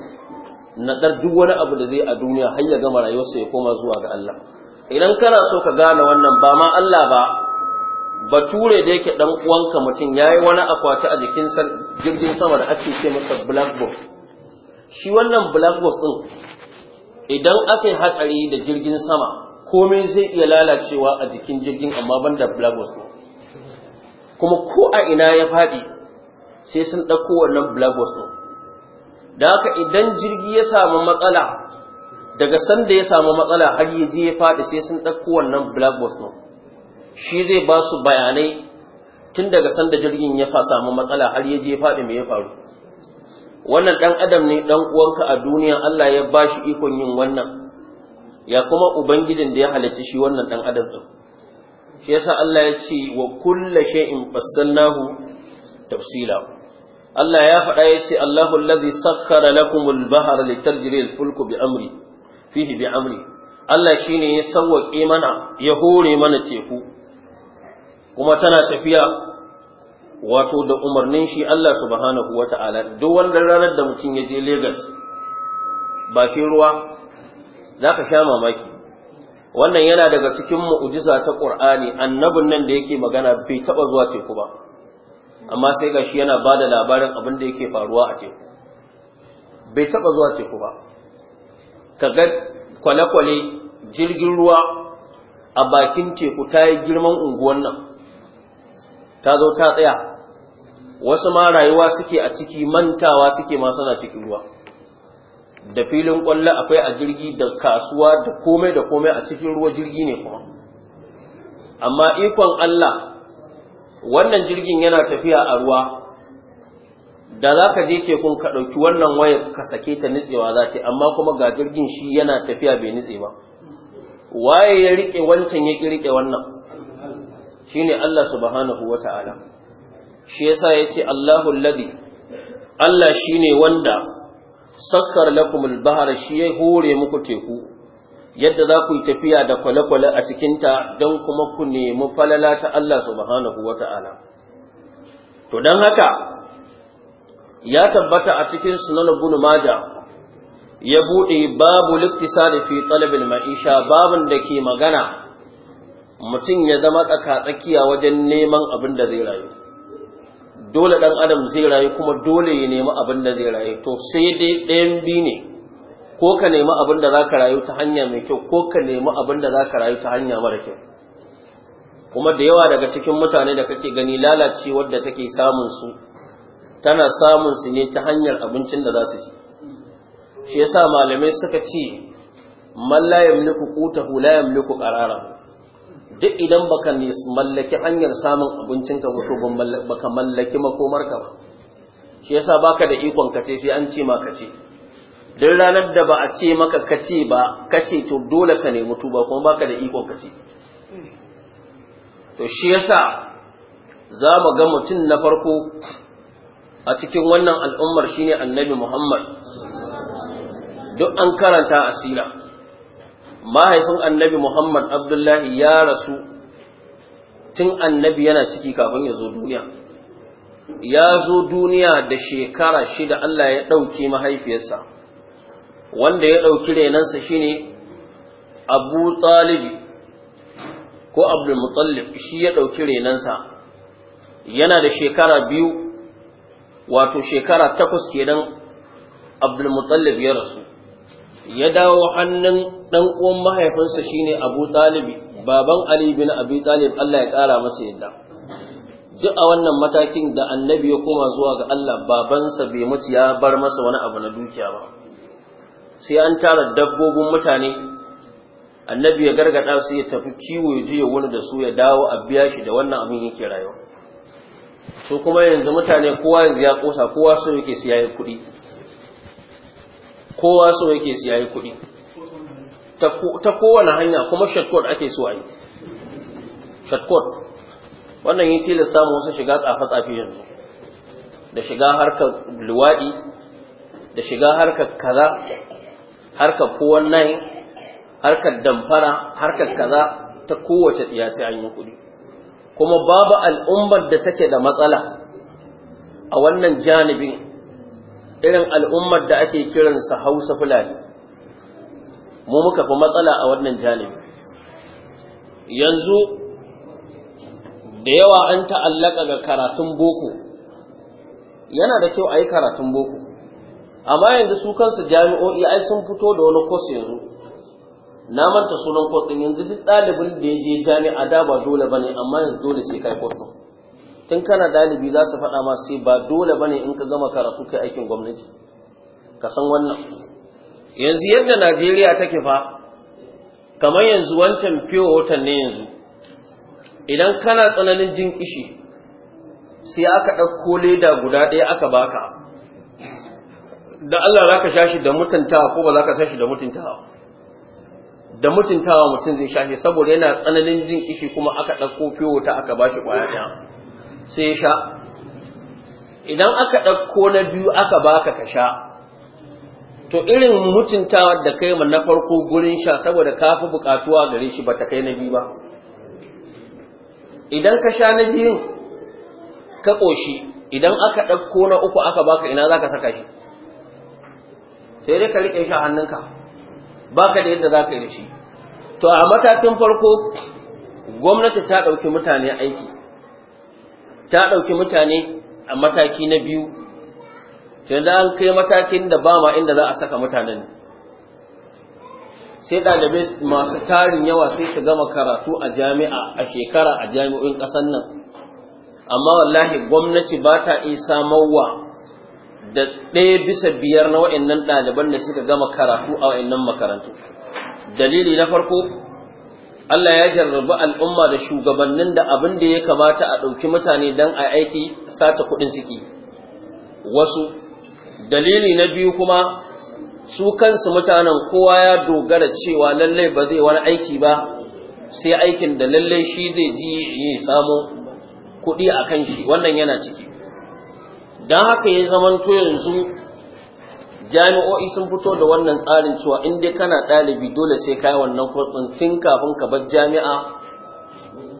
naɗar duk wani abu da zai a duniya har ya gama rayuwarsa ya koma zuwa ga Allah idan kana so ka gane wannan ba ma Allah ba bature da yake dan uwanka mutum yayi wani akwati a jikin jirgin sama da ake ce masa black box shi wannan black box din idan aka yi hatsari da jirgin sama komai zai iya lalacewa a jikin jirgin amma ban da black box din kuma ko a ina ya faɗi sai sun ɗauko wannan black box din da haka idan jirgi ya samu matsala daga sanda ya samu matsala har ya je ya faɗi sai sun ɗauko wannan black box din shi zai ba su bayanai tun daga sanda jirgin ya samu matsala har ya je faɗi me ya faru wannan ɗan adam ne ɗan uwanka a duniya Allah ya ba shi ikon yin wannan ya kuma ubangijin da ya halarci shi wannan ɗan adam ɗin shi yasa Allah ya ce wa kulla shay'in fassalnahu tafsila Allah ya faɗa ya ce Allahu allazi sakhkhara lakumul bahra al fulku bi amri fihi bi amri Allah shine ya sawwake mana ya hore mana teku kuma tana tafiya wato da umarnin shi Allah subhanahu wata'ala duk wanda ranar da mutum ya je Lagos bakin ruwa za ka sha mamaki wannan yana daga cikin mu'jiza ta Qur'ani annabin nan da yake magana bai taba zuwa teku ba amma sai gashi yana bada labarin abin da yake faruwa a teku bai taba zuwa teku ba kaga kwale-kwale jirgin ruwa a bakin teku ta yi girman unguwan nan ta zo ta tsaya wasu ma rayuwa suke a ciki mantawa suke ma suna cikin ruwa da filin kwallo akwai a jirgi da kasuwa da komai da komai a cikin ruwa jirgi ne kuma amma ikon Allah wannan jirgin yana tafiya a ruwa da za ka je tekun ka ɗauki wannan wayar ka sake ta nitsewa za ta amma kuma ga jirgin shi yana tafiya bai nitse ba waye ya riƙe wancan ya ƙi riƙe wannan shine Allah subhanahu wata'ala shi yasa yace Allahu alladhi Allah shine wanda sakkar lakumul bahra shi ya hore muku teku yadda za ku yi tafiya da kwale-kwale a cikinta don kuma ku nemi falala ta Allah subhanahu wata'ala to don haka ya tabbata a cikin sunan ibn Maja ya buɗe babu liktisari fi talabil ma'isha babun da ke magana mutum ya zama tsaka tsakiya wajen neman abin da zai rayu dole ɗan adam zai rayu kuma dole ya nemi abin da zai rayu to sai dai ɗayan biyu ne ko ka nemi abin da za ka rayu ta hanya mai kyau ko ka nemi abin da za ka rayu ta hanya mara kyau kuma da yawa daga cikin mutane da kake gani lalacewar da take samun su tana samun su ne ta hanyar abincin da za su ci shi yasa malamai suka ce man la yamliku qutahu la yamliku duk idan baka mallaki hanyar samun abincinka ba to baka mallaki makomarka ba shi yasa baka da ikon kace sai an ce ma kace duk ranar da ba a ce maka kace ba kace to dole ka nemi tuba kuma baka da ikon kace to shi yasa za mu ga mutum na farko a cikin wannan al'ummar shine annabi Muhammad duk an karanta asira mahaifin annabi Muhammad Abdullahi ya rasu tun annabi yana ciki kafin ya zo duniya. Ya zo duniya da shekara shida Allah ya ɗauki mahaifiyarsa, wanda ya ɗauki renansa ne Abu Talibi ko Abdul Mutallib shi ya ɗauki renansa yana da shekara biyu wato shekara takwas kenan Abdul Mutallib ya rasu. ya dawo hannun dan uwan mahaifinsa shine Abu Talib baban Ali bin Abi Talib Allah ya ƙara masa yadda duk a wannan matakin da annabi ya koma zuwa ga Allah babansa bai mutu ya bar masa wani abu na dukiya ba sai an tara dabbobin mutane annabi ya gargada su ya tafi kiwo ya je ya wani da su ya dawo a biya shi da wannan abin yake rayuwa su kuma yanzu mutane kowa yanzu ya kosa kowa so yake siya ya kuɗi kowa so yake siya yi kuɗi ta kowane hanya kuma shortcut ake so a yi shortcut wannan yi tilasta mu wasu shiga tsafe-tsafe yanzu da shiga harkar luwaɗi da shiga harkar kaza harkar kowan nai harkar damfara harkar kaza ta kowace ɗiya sai an yi kuɗi kuma babu al'ummar da take da matsala a wannan janibin irin al'ummar da ake kiran kiransa hausa fulani mu muka fi matsala a wannan janibi yanzu da yawa an ta'allaka ga karatun boko yana da kyau a yi karatun boko amma yanzu su kansu jami'o'i ai sun fito da wani kwas yanzu na manta sunan kwas ɗin yanzu duk ɗalibin da ya je jami'a da ba dole ba ne amma yanzu dole sai kai kwas tun kana dalibi za su faɗa ma sai ba dole bane in ka gama karatu kai aikin gwamnati ka san wannan yanzu yadda Najeriya take fa kamar yanzu wancan fiye watan ne yanzu idan kana tsananin jin kishi sai aka ɗauko leda guda ɗaya aka baka da Allah za ka sha shi da mutuntawa ko ba za ka sha shi da mutuntawa da mutuntawa mutum zai sha shi saboda yana tsananin jin kishi kuma aka ɗauko fiye wata aka ba shi ɗaya sai sha idan aka ɗauko na biyu aka baka ka sha to irin mutuntawar da kai ma na farko gurin sha saboda ka fi buƙatuwa gare shi ba ta kai na biyu ba idan ka sha na biyun ka ƙoshi idan aka ɗauko na uku aka baka ina za ka saka shi sai dai ka riƙe shi a hannunka ba ka da yadda za ka yi da shi to a matakin farko gwamnati ta ɗauki mutane aiki ta ɗauki mutane a mataki na biyu to yanzu an kai matakin da ba ma inda za a saka mutanen sai ɗalibai masu tarin yawa sai su gama karatu a jami'a a shekara a jami'o'in ƙasar nan amma wallahi gwamnati ba ta iya samarwa da ɗaya bisa biyar na wa'annan ɗaliban da suka gama karatu a wa'annan makarantu dalili na farko Allah ya jarrabi al'umma da shugabannin da abin da ya kamata a ɗauki mutane don a aiki sace kuɗin suke wasu dalili na biyu kuma su kansu mutanen kowa ya dogara cewa lallai ba zai wani aiki ba sai aikin da lallai shi zai ji ya samu kuɗi a kan shi wannan yana ciki don haka ya zamanto yanzu jami'o'i sun fito da wannan tsarin cewa in dai kana ɗalibi dole sai ka yi wannan kotsin tun kafin ka bar jami'a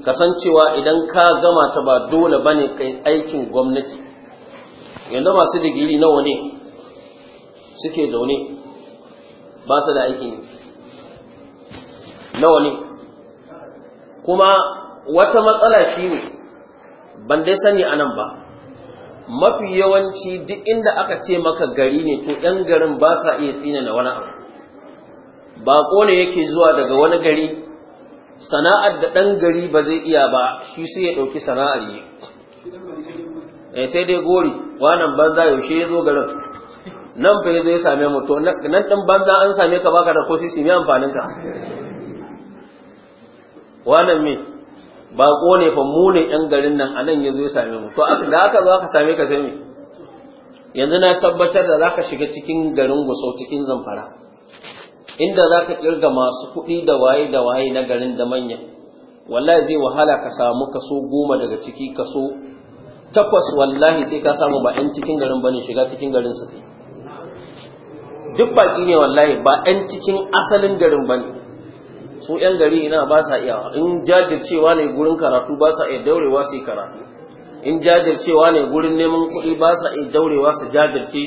kasancewa idan ka gama ta ba dole ba ne kai aikin gwamnati yanzu masu digiri nawa ne suke zaune ba su da ne, nawa ne kuma wata matsala shi ne ban dai sani a nan ba mafi yawanci duk inda aka ce maka gari ne to ɗan garin ba sa iya tsina na wani abu baƙo ne yake zuwa daga wani gari sana'ar da ɗan gari ba zai iya ba shi sai ya ɗauki sana'ar yi eh sai dai gori wannan banza yaushe ya zo garin nan fa zai same mu to nan ɗan banza an same ka baka da ko me amfanin ka wannan me Baƙo ne fa mu ne yan garin nan anan yanzu ya same mu to da aka zo aka same ka sai me yanzu na tabbatar da zaka shiga cikin garin gusau cikin zamfara inda zaka kirga masu kuɗi da waye da waye na garin da manya wallahi zai wahala ka samu kaso goma daga ciki kaso takwas wallahi sai ka samu ba yan cikin garin bane shiga cikin garin su duk baki ne wallahi ba yan cikin asalin garin bane su yan gari ina ba sa iya in jajircewa ne gurin karatu ba sa iya daurewa su karatu in jajircewa ne gurin neman kuɗi ba sa iya daurewa su jajirce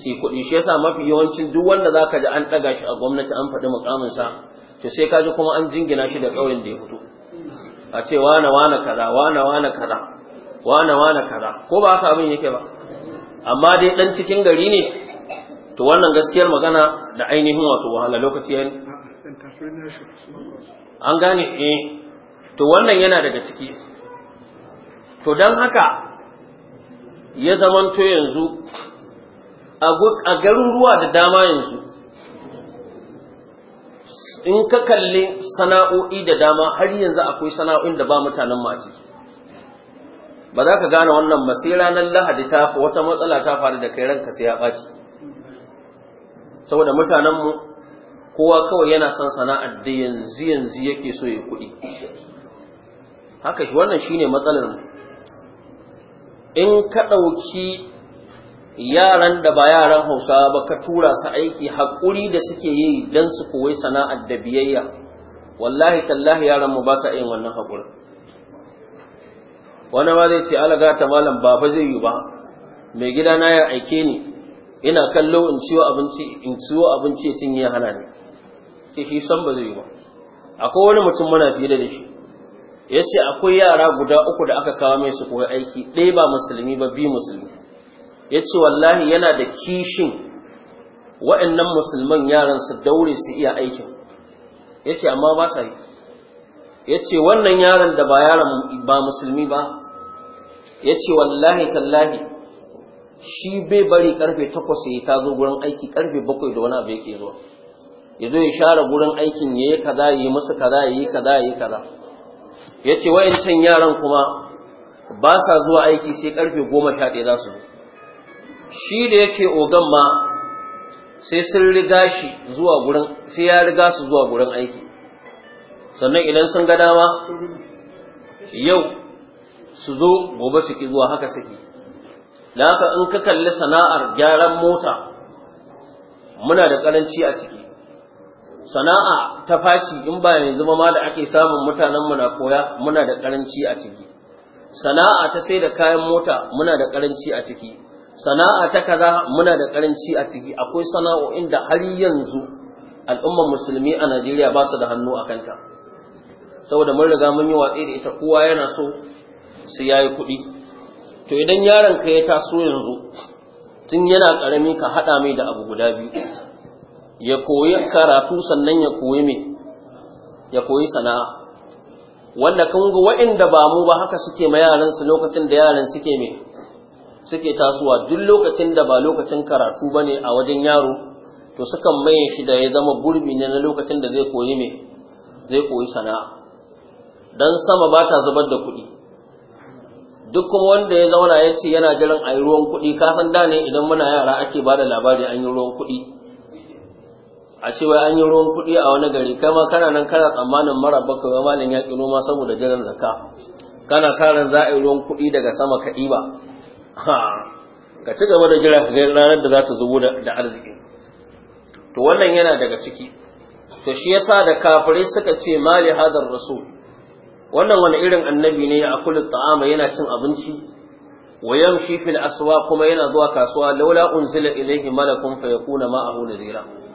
su kuɗi shi yasa mafi yawancin duk wanda za ka ji an ɗaga shi a gwamnati an faɗi mukamin sa to sai ka ji kuma an jingina shi da ƙauyen da ya fito a ce wane wane kaza wane wane kaza wane wane kaza ko ba haka abin yake ba amma dai dan cikin gari ne to wannan gaskiyar magana da ainihin wato wahala lokaci an gane eh to wannan yana daga ciki to don haka ya zamanto yanzu a garuruwa da dama yanzu in ka kalli sana'o'i da dama har yanzu akwai sana'o'in da ba mutanen mace ba za ka gane wannan ba sai ranar lahadi ta wata matsala ta faru da kai ranka sai ya ɓaci saboda mutanenmu kowa kawai yana son sana'ar da yanzu yanzu yake so ya kuɗi haka shi wannan shine matsalar in ka ɗauki yaran da ba yaran hausawa ba ka tura su aiki haƙuri da suke yi don su koyi sana'ar da biyayya wallahi tallahi yaran mu ba sa yin wannan haƙuri wani ma zai ce alaga ta malam baba zai yi ba mai gida na ya aike ni ina kallo in ciwo abinci in ciwo ya cinye hana ni ce shi san ba zai yi ba akwai wani mutum muna fiye da shi ya ce akwai yara guda uku da aka kawo mai su koyi aiki ɗaya ba musulmi ba bi musulmi ya ce wallahi yana da kishin wa'annan musulman yaran su daure su iya aikin ya ce amma ba sa yi ya ce wannan yaran da ba yaran ba musulmi ba ya ce wallahi tallahi shi bai bari karfe takwas ya ta zo gurin aiki karfe bakwai da wani abu yake zuwa ya zo ya share gurin aikin ya yi kaza ya yi musu kaza ya yi kaza ya yi kaza ya ce wa'ancan yaran kuma ba sa zuwa aiki sai karfe goma sha ɗaya za su zo shi da ya ce ogan ma sai sun riga shi zuwa gurin sai ya riga su zuwa gurin aiki sannan idan sun ga dama yau su zo gobe su ki zuwa haka suke da haka in ka kalli sana'ar gyaran mota muna da karanci a ciki sana'a ta faci in ba zuba ma da ake samun mutanen mu na koya muna da karanci a ciki sana'a ta sai da kayan mota muna da karanci a ciki sana'a ta kaza muna da karanci a ciki akwai sana'o'in da har yanzu al'ummar musulmi a Najeriya ba su da hannu a kanta saboda mun riga mun yi watsi da ita kowa yana so su yayi kuɗi to idan yaron ka ya taso yanzu tun yana ƙarami ka haɗa mai da abu guda biyu ya koyi karatu sannan ya koyi me ya koyi sana'a wanda kun ga waɗanda ba mu ba haka suke ma yaran su lokacin da yaran suke me suke tasowa duk lokacin da ba lokacin karatu bane a wajen yaro to sukan maye shi da ya zama gurbi ne na lokacin da zai koyi me zai koyi sana'a dan sama ba ta zubar da kuɗi duk kuma wanda ya zauna ya ce yana jiran a yi ruwan kuɗi ka san da ne idan muna yara ake ba da labari an yi ruwan kuɗi a cewa an yi ruwan kuɗi a wani gari kai ma kana nan kana tsammanin mara baka wai malin ya ƙi noma saboda jiran ka kana sa ran za a yi ruwan kuɗi daga sama ka ɗiba ka ci gaba da jira ga ranar da za ta zubo da arziki to wannan yana daga ciki to shi yasa da kafirai suka ce mali hadar rasul wannan wani irin annabi ne ya akulu ta'ama yana cin abinci wa yamshi fil aswa kuma yana zuwa kasuwa laula unzila ilayhi malakun yakuna ma'ahu nadira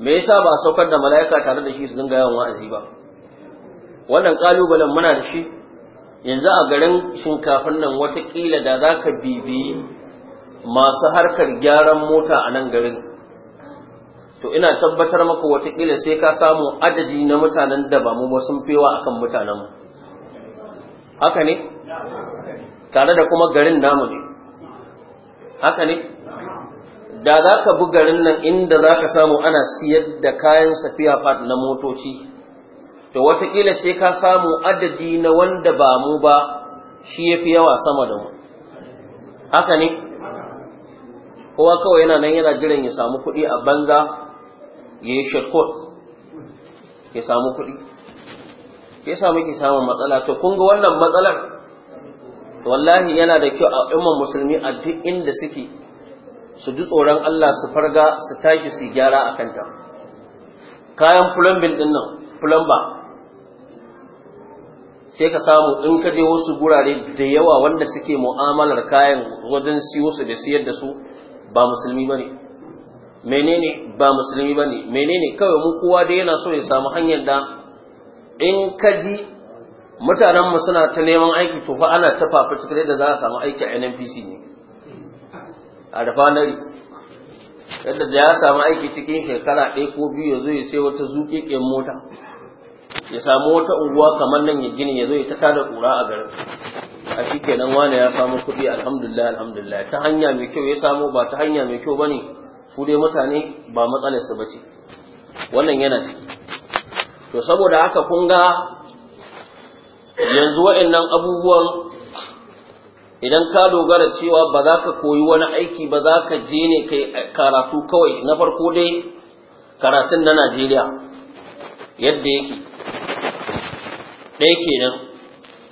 me yasa ba saukar da mala'ika tare da shi su dinga yawan wa'azi ba wannan kalubalen muna da shi yanzu a garin shinkafin nan watakila da za ka bibiyi masu harkar gyaran mota a nan garin to ina tabbatar maka watakila sai ka samu adadi na mutanen da ba mu ba sun fewa akan mu. haka ne tare da kuma garin namu ne haka ne da za ka bi garin nan inda za ka samu ana siyar da kayan safiya fat na motoci to watakila sai ka samu adadi na wanda ba mu ba shi ya fi yawa sama da mu haka ne kowa kawai yana nan yana jiran ya samu kuɗi a banza ya yi shirkot ya samu kuɗi ya samu ki samun matsala to kun ga wannan matsalar wallahi yana da kyau a umman musulmi a duk inda suke su ji tsoron Allah su farga su tashi su gyara a kanta kayan plumbing din nan plumber sai ka samu in ka je wasu gurare da yawa wanda suke mu'amalar kayan wajen siyo su da siyar da su ba musulmi bane menene ba musulmi bane menene kawai mu kowa da yana so ya samu hanyar da in ka ji mutanenmu suna ta neman aiki to fa ana tafafi cikin da za a samu aiki a NNPC ne a rafanari yadda da ya samu aiki cikin shekara ɗaya ko biyu ya zo ya sai wata zuƙiƙin mota ya samu wata unguwa kamar nan ya gini ya zo ya ta tada ƙura a garin a shi kenan wane ya samu kuɗi alhamdulillah alhamdulillah ta hanya mai kyau ya samu ba ta hanya mai kyau bane su dai mutane ba matsalarsu ba ce wannan yana ciki to saboda haka kun ga yanzu waɗannan abubuwan idan ka dogara cewa ba za ka koyi wani aiki ba za ka je ne kai karatu kawai na farko dai karatun na Najeriya yadda yake ɗaya kenan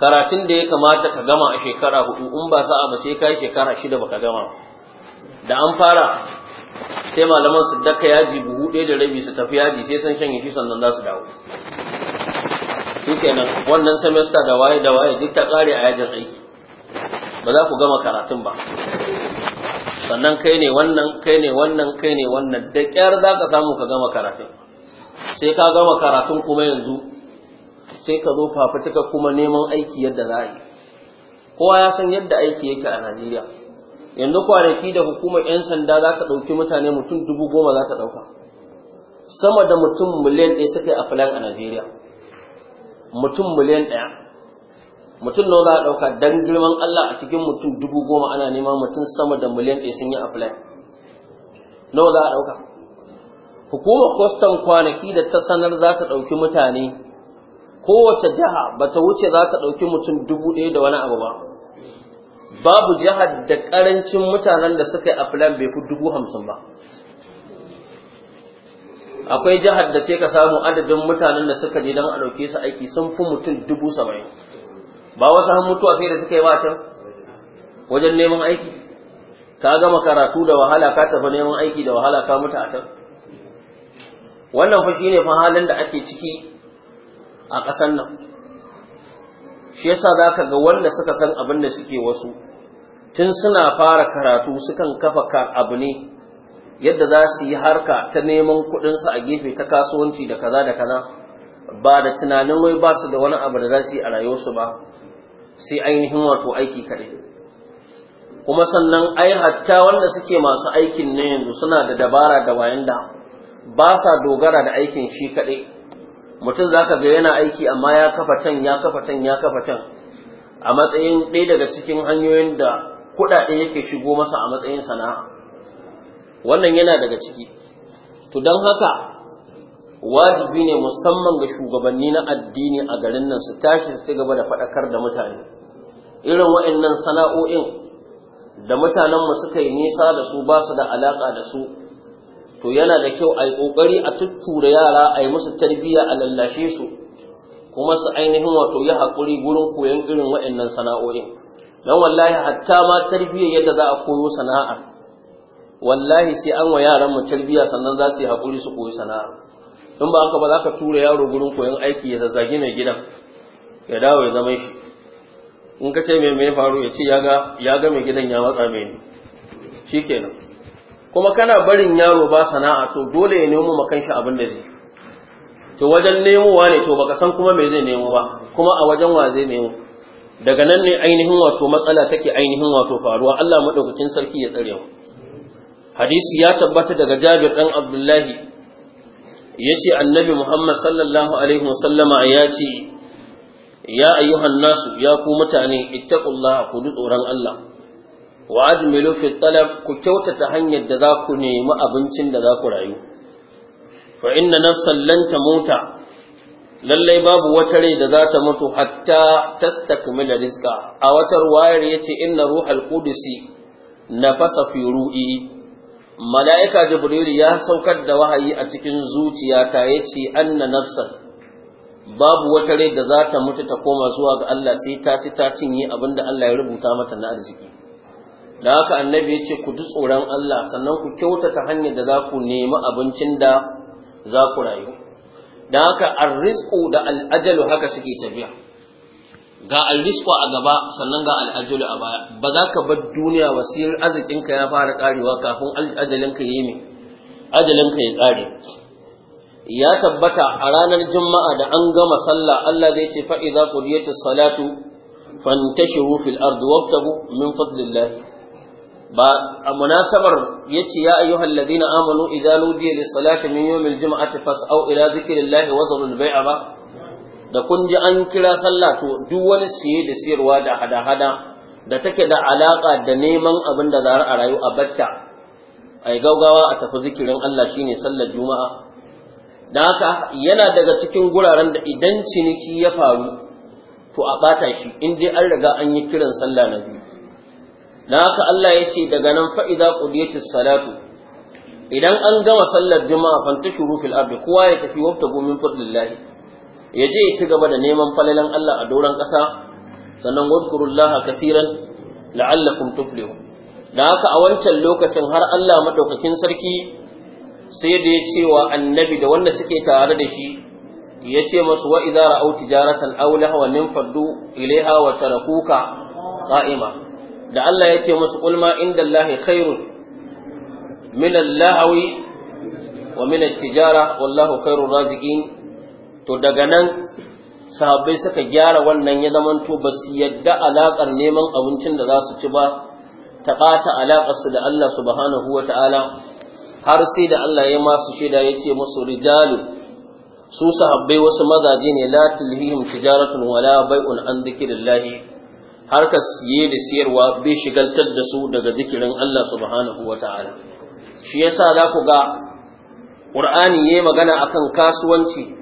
karatun da ya kamata ka gama a shekara hudu in ba sa'a ba sai kai shekara shida baka gama da an fara sai malaman su daka yaji buhu ɗaya da rabi su tafi yaji sai san shanye shi sannan za su dawo shi kenan wannan semester da waye da waye duk ta ƙare a yajin aiki ba za ku gama karatun ba sannan kai ne wannan kai ne wannan kai ne wannan da ƙyar za ka samu ka gama karatun sai ka gama karatun kuma yanzu sai ka zo fafutuka kuma neman aiki yadda za a yi kowa ya san yadda aiki yake a najeriya yanzu kwanaki da hukumar 'yan sanda za ta ɗauki mutane mutum dubu goma za ta ɗauka sama da mutum miliyan ɗaya suka yi a filan a najeriya mutum miliyan ɗaya mutum nawa za a ɗauka dan girman Allah a cikin mutum dubu goma ana neman mutum sama da miliyan ɗaya sun yi apply nawa za a ɗauka hukumar kwastan kwanaki da ta sanar za ta ɗauki mutane kowace jiha ba ta wuce za ta ɗauki mutum dubu ɗaya da wani abu ba babu jihar da ƙarancin mutanen da suka yi apply bai fi dubu hamsin ba akwai jihar da sai ka samu adadin mutanen da suka je don a ɗauke su aiki sun fi mutum dubu saba'in ba wasu han mutuwa sai da suka yi wacan wajen neman aiki ka gama karatu da wahala ka tafi neman aiki da wahala ka mutu a can wannan fa shine fa halin da ake ciki a ƙasan nan shi yasa zaka ga wanda suka san abin da suke wasu tun suna fara karatu sukan kafa ka abu ne yadda za su yi harka ta neman kuɗinsu a gefe ta kasuwanci da kaza da kaza ba da tunanin wai ba su da wani abu da za su yi a rayuwarsu ba sai ainihin wato aiki kaɗai kuma sannan ai hatta wanda suke masu aikin na yanzu suna da dabara da wayan da ba sa dogara da aikin shi kaɗai mutum zaka ga yana aiki amma ya kafa can ya kafa can ya kafa can a matsayin ɗaya daga cikin hanyoyin da kuɗaɗe yake shigo masa a matsayin sana'a wannan yana daga ciki to don haka wajibi ne musamman ga shugabanni na addini a garin nan su tashi su gaba da faɗakar da mutane irin wa'annan sana'o'in da mutanenmu suka yi nisa da su ba su da alaƙa da su to yana da kyau a yi ƙoƙari a tuttura yara a yi musu tarbiyya a lallashe su kuma su ainihin wato ya haƙuri gurin koyon irin wa'annan sana'o'in don wallahi hatta ma tarbiyyar yadda za a koyo sana'a wallahi sai an wa yaran mu tarbiyya sannan za su yi haƙuri su koyi sana'a in ba haka ba za ka tura yaro gurin koyon aiki ya zazzage mai gidan ya dawo ya zama shi in ka ce mai mai faru ya ce ya ga mai gidan ya matsa mai ne shi kenan kuma kana barin yaro ba sana'a to dole ya nemo makan shi abin da zai to wajen nemowa ne to baka san kuma me zai nemo ba kuma a wajen wa zai nemo daga nan ne ainihin wato matsala take ainihin wato faruwa Allah madaukakin sarki ya tsare mu hadisi ya tabbata daga Jabir dan Abdullahi ya ce annabi Muhammad sallallahu Alaihi wasallama ya ce, Ya ayyuhan nasu ya ku mutane, ittaqullaha ku ji tsoron Allah, wa admilu fi talab ku kyautata hanyar da za ku nemi abincin da za ku rayu. Fa inna nafsan lan mota, lallai babu wata rai da za ta mutu hatta tastakmila rizqa. A watar wayar yace inna ruhal qudusi nafasa fi ru'i mala'ika jibrilu ya saukar da wahayi a cikin zuciyata ya ce anna nafsan babu wata rai da za ta mutu ta koma zuwa ga Allah sai ta ci ta cinye abin da Allah ya rubuta mata na arziki da haka annabi ya ce ku ji tsoron Allah sannan ku kyautata hanyar da za ku nemi abincin da za ku rayu da haka arrisku da al'ajalu haka suke tafiya ga alrisku a gaba sannan ga al'ajalu a baya ba za ka bar duniya ba sai arzikinka ya fara karewa kafin ajalinka yi ya kare ya tabbata a ranar juma'a da an gama sallah Allah zai ce fa'iza qudiyatu salatu fantashiru fil ardi wabtagu min fadlillah ba a munasabar yace ya ayyuhal ladina amanu idza nudiya lis salati min yawmil jum'ati fas'au ila dhikrillahi wa dharul bai'a ba da kun ji an kira sallah to duk wani siye da siyarwa da hada-hada da take da alaƙa da neman abin da za a rayu a batta a yi gaugawa a tafi zikirin Allah shine sallar juma'a da haka yana daga cikin guraren da idan ciniki ya faru to a ɓata shi in dai an riga an yi kiran sallah na biyu da haka Allah ya ce daga nan fa'iza ƙudiyatis salatu idan an gama sallar juma'a fanta shuru fil ardi kowa ya tafi wata gomin fadlillahi ya je ya ci gaba da neman falalan Allah a doron ƙasa sannan wadkurullaha kasiran la'allakum tuflihu da haka a wancan lokacin har Allah madaukakin sarki sai da ya ce wa annabi da wanda suke tare da shi ya ce masu wa idara au tijaratan aw lahwa min faddu ilaiha wa tarakuka qa'ima da Allah ya ce musu qul inda Allah khairun min al-lahwi wa min at-tijara wallahu khairur raziqin to daga nan sahabbai suka gyara wannan ya zamanto ba su yadda alaƙar neman abincin da za su ci ba ta ɓata alaƙarsu da Allah subhanahu wa ta'ala har sai da Allah ya masu shaida ya ce musu rijalu su sahabbai wasu mazaje ne la tulhihim tijaratun wala bai'un an har ka siye da siyarwa bai shigaltar da su daga zikirin Allah subhanahu ta'ala shi yasa za ku ga Qur'ani yayi magana akan kasuwanci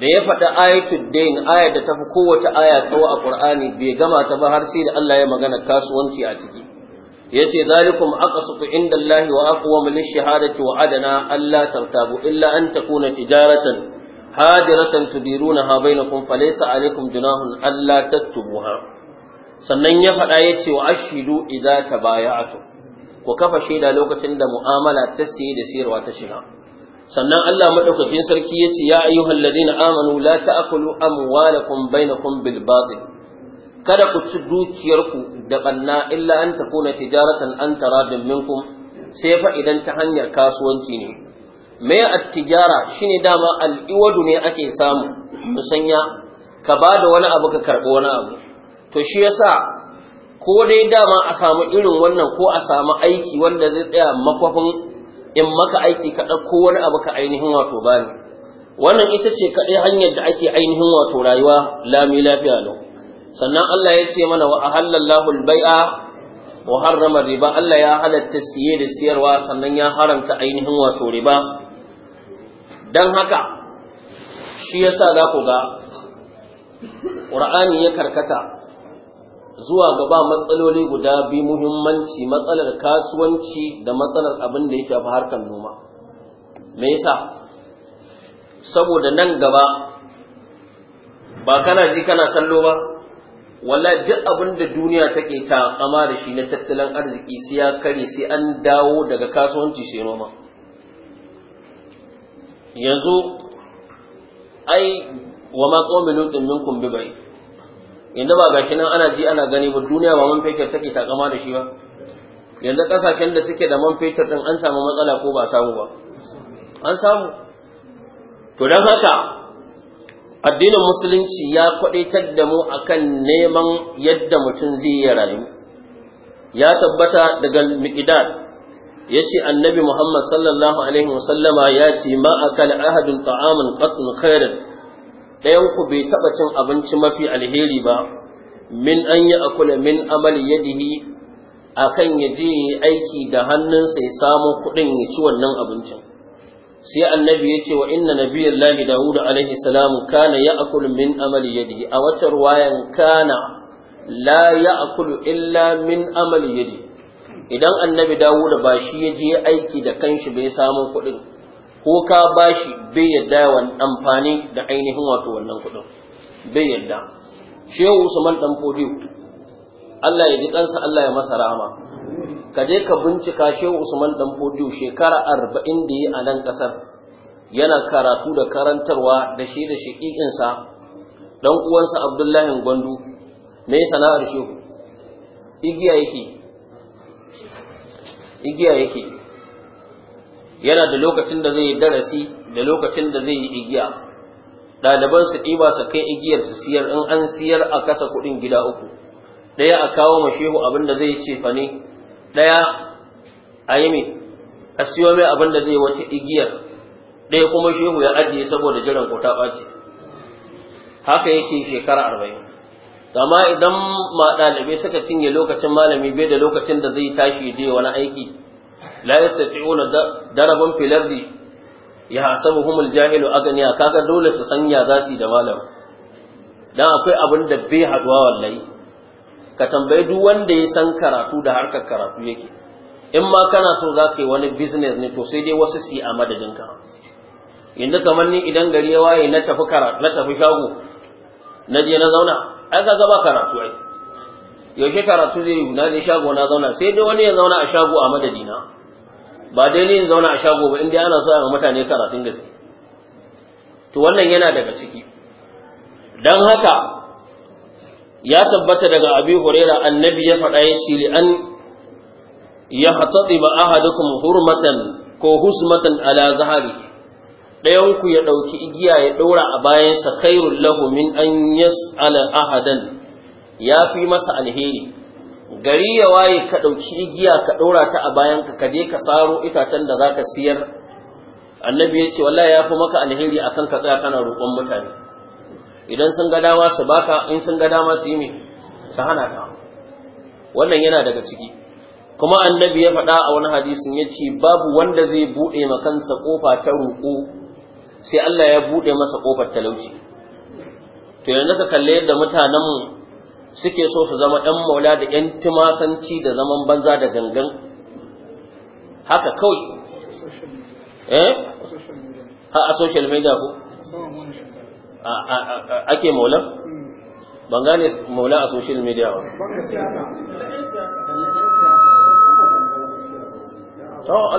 da ya faɗi ayatul dain ayar da tafi kowace aya tsawo a Qur'ani bai gama ta ba har sai da Allah ya magana kasuwanci a ciki yace zalikum aqsatu inda Allah wa aqwamu lish-shahadati wa adana alla tartabu illa an takuna tijaratan hadiratan tudirunaha bainakum falaysa alaykum junahun alla tattubuha sannan ya faɗa yace wa ashidu idza tabaya'tu ku kafa shaida lokacin da mu'amala ta siye da siyarwa ta shiga sannan Allah madaukakin sarki ya ce ya ayyuhal ladina amanu la ta'kulu amwalakum bainakum bil batil kada ku ci dukiyarku da banna illa an takuna tijaratan an taradun minkum sai fa idan ta hanyar kasuwanci ne me at-tijara shine dama al-iwadu ne ake samu musanya ka ba da wani abu ka karbo wani abu to shi yasa ko dai dama a samu irin wannan ko a samu aiki wanda zai tsaya makwafin in maka aiki ka ɗauko wani abu ka ainihin wato bani wannan ita ce kaɗai hanyar da ake ainihin wato rayuwa lami lafiya lau sannan Allah ya ce mana wa ahallallahu albai'a wa harrama riba Allah ya halatta siye da siyarwa sannan ya haramta ainihin wato riba dan haka shi yasa za ku ga Qur'ani ya karkata zuwa gaba matsaloli guda biyu muhimmanci matsalar kasuwanci da matsalar abin da ya shafi harkar noma me yasa saboda nan gaba ba kana ji kana kallo ba walla duk abin da duniya take ta kama da shi na tattalin arziki sai ya kare sai an dawo daga kasuwanci sai noma yanzu ai wa ma ƙomi lutun minkum bi bai inda ba gashi nan ana ji ana gani ba duniya ba man fetur take takama da shi ba yanzu kasashen da suke da man fetur din an samu matsala ko ba samu ba an samu to dan haka addinin musulunci ya kwadaitar da mu akan neman yadda mutum zai yi rayu ya tabbata daga miqdad yace annabi Muhammad sallallahu Alaihi wasallama ya ce ma akal ahadun ta'amun qatun khairin ɗayan ku bai taɓa cin abinci mafi alheri ba min an yi akula min amali yadihi kan ya je aiki da hannunsa ya samu kuɗin ya ci wannan abincin sai annabi ya ce wa inna lahi dawud alaihi salam kana akulu min amali yadihi a wata ruwayan kana la ya akulu illa min amali yadihi idan annabi dawud ba shi ya je aiki da kanshi bai samu kuɗin ko ka bashi bai yadda yawan amfani da ainihin wato wannan kuɗin bai yadda shehu usman dan fodiyo Allah ya ji kansa Allah ya masa rahama ka je ka bincika shehu usman dan fodiyo shekara arba'in da yi a nan ƙasar yana karatu da karantarwa da shi da sa dan uwansa abdullahi gwandu me sana'ar shehu igiya yake igiya yake yana da lokacin da zai yi darasi da lokacin da zai yi igiya ɗaliban su ɗiba su kai igiyar su siyar in an siyar a kasa kuɗin gida uku ɗaya a kawo ma shehu abin da zai ce fa ne ɗaya a yi mai a siyo mai abin da zai wace igiyar ɗaya kuma shehu ya ajiye saboda jiran ko ta ɓaci haka yake shekara arba'in amma idan ma ɗalibai suka cinye lokacin malami bai da lokacin da zai tashi da wani aiki la yastati'una daraban fil ardi yahsabuhum al jahilu aghniya kaga dole su sanya zasu da malam dan akwai abin da bai haduwa wallahi ka tambayi duk wanda ya san karatu da harkar karatu yake in ma kana so za ka yi wani business ne to sai dai wasu su yi a madadinka yanzu kamar ni idan gari ya waye na tafi karatu na tafi shago na je na zauna ai ka gaba karatu ai yaushe karatu zai yi na shago na zauna sai dai wani ya zauna a shago a madadina ba dai ni in zauna a shago ba inda ana so a mutane karatun gaske to wannan yana daga ciki dan haka ya tabbata daga abi huraira annabi ya faɗa ya ce an ya hatsatsi ba ahadukum hurmatan ko husmatan ala zahari ɗayanku ya ɗauki igiya ya ɗaura a bayansa khairul lahu min an yas'ala ahadan ya fi masa alheri gari ya waye ka ɗauki igiya ka ɗora ta a bayan ka je ka saro itacen da za ka siyar annabi ya ce wallahi ya fi maka alheri akan ka tsaya kana roƙon mutane idan sun ga dama su baka in sun ga dama su yi me su hana ka wannan yana daga ciki kuma annabi ya faɗa a wani hadisin ya ce babu wanda zai buɗe kansa ƙofa ta roƙo sai Allah ya buɗe masa ƙofar talauci to yanzu ka kalle yadda mutanenmu suke so su zama ɗan maula da ‘yan Tumasanci da zaman banza da gangan haka kawai eh a social media ko ake maula ban gane maula a social media ba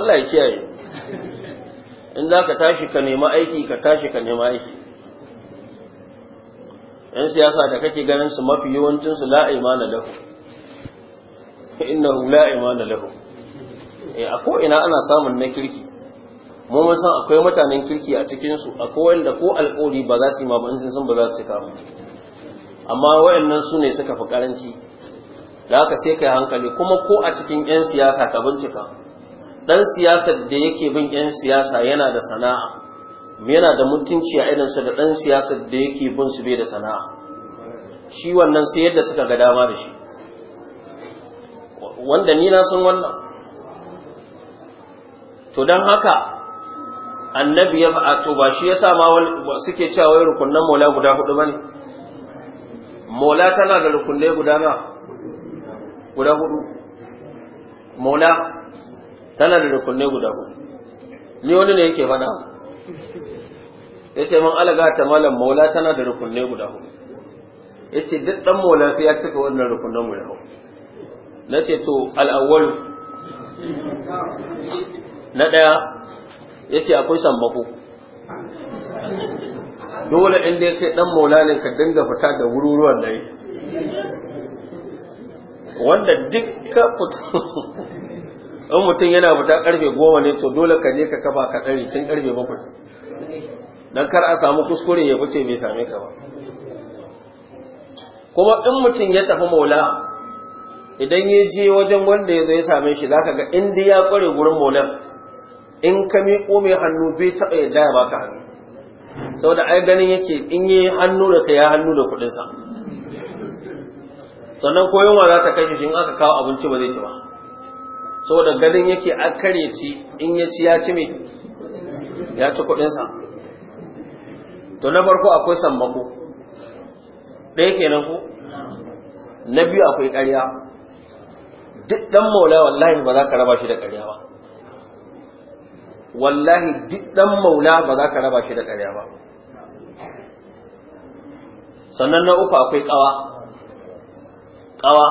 Allah ya kiyaye in za ka tashi ka nema aiki ka tashi ka nema aiki yan siyasa da kake ganin su mafi yawancin su la na lahu innahu la na lahu eh a ko ina ana samun na kirki mu mun san akwai mutanen kirki a cikinsu, a kowai da ko alƙori ba za su yi ma ba sun ba za su cika mu. amma wayannan su ne suka fi karanci da haka sai kai hankali kuma ko a cikin yan siyasa ka bincika dan siyasar da yake bin yan siyasa yana da sana'a yana da mutunci a irinsa da ɗan siyasar da yake bin su bai da sana'a shi wannan sai yadda suka ga dama da shi wanda ni na san wannan to don haka annabi ya ba to ba shi yasa ma suke cewa wai rukunnan mola guda hudu bane mola tana da rukunne guda na guda hudu mola tana da rukunne guda hudu ni wani ne yake faɗa yace man alaga ta malam maula tana da rukunne guda hudu yace duk dan maula sai ya cika wannan rukunnan guda hudu ce to al-awwal na daya yace akwai sammako dole inda ya kai dan maula ne ka dinga fita da wururuwan nan wanda duk ka fito in mutum yana fita karfe goma ne to dole ka je ka kafa ka tsare tun karfe bakwai don kar a samu kuskure ya fice bai same ka ba kuma in mutum ya tafi maula idan ya je wajen wanda ya zai same shi zaka ga inda ya kware gurin maulan in ka miƙo mai hannu bai taɓa yadda ya baka hannu saboda ai ganin yake in yi hannu da ka ya hannu da kuɗinsa sannan koyonwa za ta kashe shi in aka kawo abinci ba zai ci ba saboda ganin yake a kare ci in ya ci ya ci mai ya ci kuɗinsa to na farko akwai sammako ɗaya kenan ko na biyu akwai ƙarya duk ɗan maula wallahi ba za ka raba shi da ƙarya ba wallahi duk ɗan maula ba za ka raba shi da ƙarya ba sannan na uku akwai ƙawa ƙawa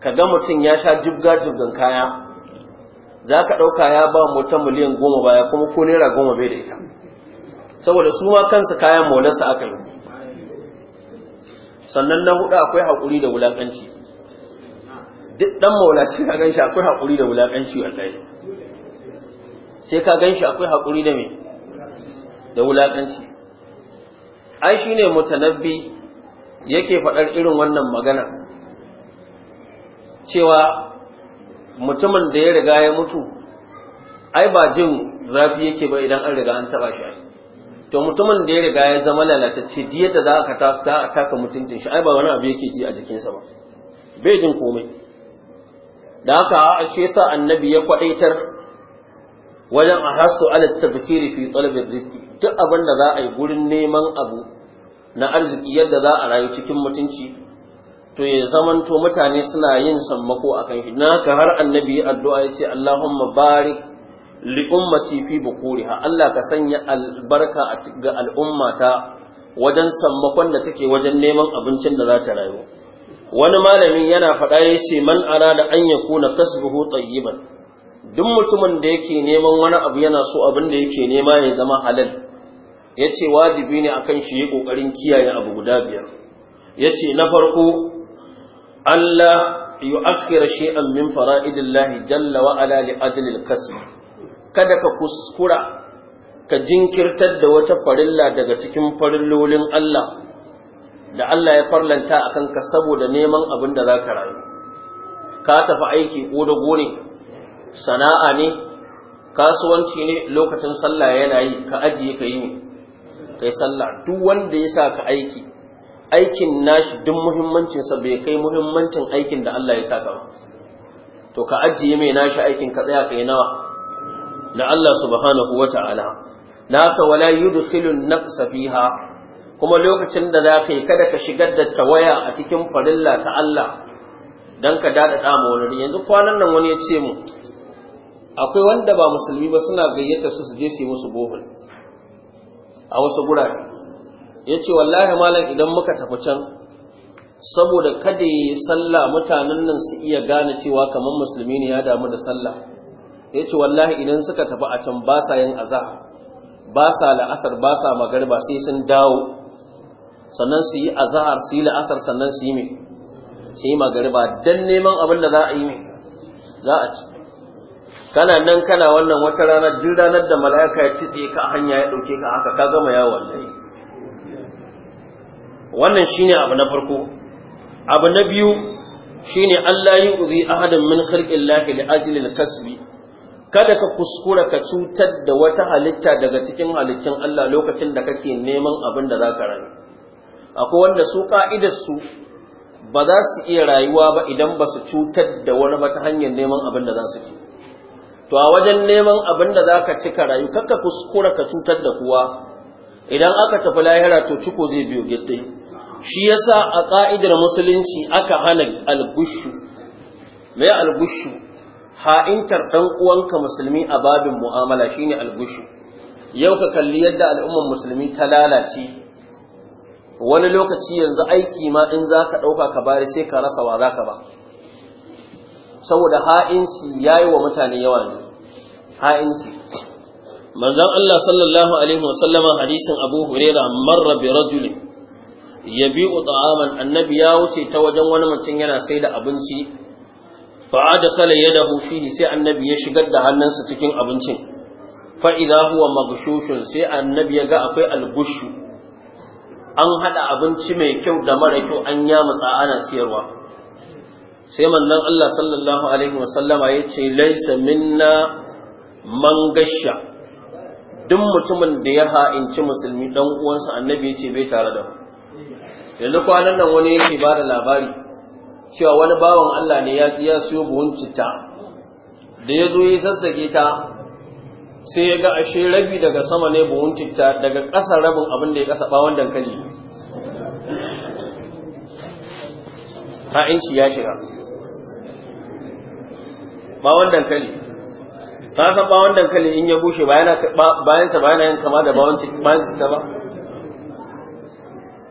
ka ga mutum ya sha jibga jibgan kaya za ka ɗauka ya ba mutum miliyan goma baya kuma ko naira goma bai da ita saboda su ma kansu kayan molarsa aka yi sannan na hudu akwai haƙuri da wulaƙanci duk ɗan maula sai ka ganshi akwai haƙuri da wulaƙanci wallahi sai ka ganshi akwai haƙuri da me da wulaƙanci ai shine mutanabbi yake faɗar irin wannan magana cewa mutumin da ya riga ya mutu ai ba jin zafi yake ba idan an riga an taɓa shi ai to mutumin da ya riga ya zama lalatacce diya da za ka taka mutuncin shi ai ba wani abu yake ji a jikinsa ba bai jin komai da haka shi sa annabi ya kwadaitar wajen a hasu ala tabbikiri fi talabir rizqi duk abin da za a yi gurin neman abu na arziki yadda za a rayu cikin mutunci to ya zamanto mutane suna yin sammako a kan shi na haka har annabi addu'a ya ce Allahumma barik li'ummati fi bukuriha Allah ka sanya albarka ga al'ummata wajen sammakon da take wajen neman abincin da za ta rayu wani malami yana faɗa ya ce man ara da an ya kuna kasbuhu tayyiban duk mutumin da yake neman wani abu yana so abin da yake nema ya zama halal ya ce wajibi ne akan shi ya ƙoƙarin kiyaye abu guda biyar ya ce na farko Allah yu'akhkhira shay'an min fara'idillahi jalla wa ala li al kada ka kuskura ka jinkirtar da wata farilla daga cikin farillolin Allah da Allah ya farlanta a kanka saboda neman abin da za ka rayu ka tafi aiki ko da sana'a ne kasuwanci ne lokacin sallah yana yi ka ajiye ka yi ne kai sallah duk wanda ya sa ka aiki aikin nashi duk muhimmancinsa bai kai muhimmancin aikin da Allah ya saka ba to ka ajiye mai nashi aikin ka tsaya kai nawa na Allah subhanahu wa ta'ala na ka wala yudkhilun naqsa fiha kuma lokacin da za ka yi kada ka shigar da tawaya a cikin farilla ta Allah don ka daɗa ɗama wani yanzu kwanan nan wani ya ce mu akwai wanda ba musulmi ba suna gayyata su su je su yi musu bohul a wasu gurare ya ce wallahi malam idan muka tafi can saboda kada yi sallah mutanen nan su iya gane cewa kamar musulmi ne ya damu da sallah ya ce wallahi idan suka tafi a can ba sa yin azahar ba sa la'asar ba sa ba sai sun dawo sannan su yi azahar su yi la'asar sannan su yi mai su yi magariba don neman abin da za a yi mai za a ci kana nan kana wannan wata rana duk ranar da mala'ika ya ci ka hanya ya ɗauke ka haka ka gama yawo wallahi wannan shine abu na farko abu na biyu shine Allah yi uzi ahadin min khalqin lahi li ajli al kada ka kuskura ka cutar da wata halitta daga cikin halittun Allah lokacin da kake neman abin da za ka rayu akwai wanda su ƙa'idarsu ba za su iya rayuwa ba idan ba su cutar da wani ba ta hanyar neman abin da za su ci to a wajen neman abin da za ka ci ka rayu kakka kuskura ka cutar da kuwa idan aka tafi lahira to ciko zai biyo gittin shi yasa a ƙa'idar musulunci aka hana mai me al-gushu? ha'intar ɗan uwanka musulmi a babin mu'amala shine algushu yau ka kalli yadda al'ummar musulmi ta lalace wani lokaci yanzu aiki ma in za ka ɗauka ka bari sai ka rasa wa za ka ba saboda ha'inci ya yi wa mutane yawa ne ha'inci manzan Allah sallallahu alaihi wasallama hadisin abu hurera marra bi rajulin ya bi annabi ya wuce ta wajen wani mutum yana sai da abinci fa ya dahu fihi sai annabi ya shigar da hannunsa cikin abincin fa idza huwa maghshushun sai annabi ya ga akwai algushu an haɗa abinci mai kyau da mara kyau an matsa ana siyarwa sai manzon Allah sallallahu alaihi wasallama yace laysa minna man gasha duk mutumin da ya ha'inci musulmi dan uwansa annabi ce bai tare da mu yanzu kwanan nan wani yake ba da labari cewa wani bawan Allah ne ya ya siyo buhun citta da ya zo ya sassake ta sai ya ga ashe rabi daga sama ne buhun citta daga ƙasa rabin abin da ya ƙasa bawon dankali inci ya shiga bawon dankali ta san bawon dankali in ya bushe bayan sa bayan yin kama da bayan citta ba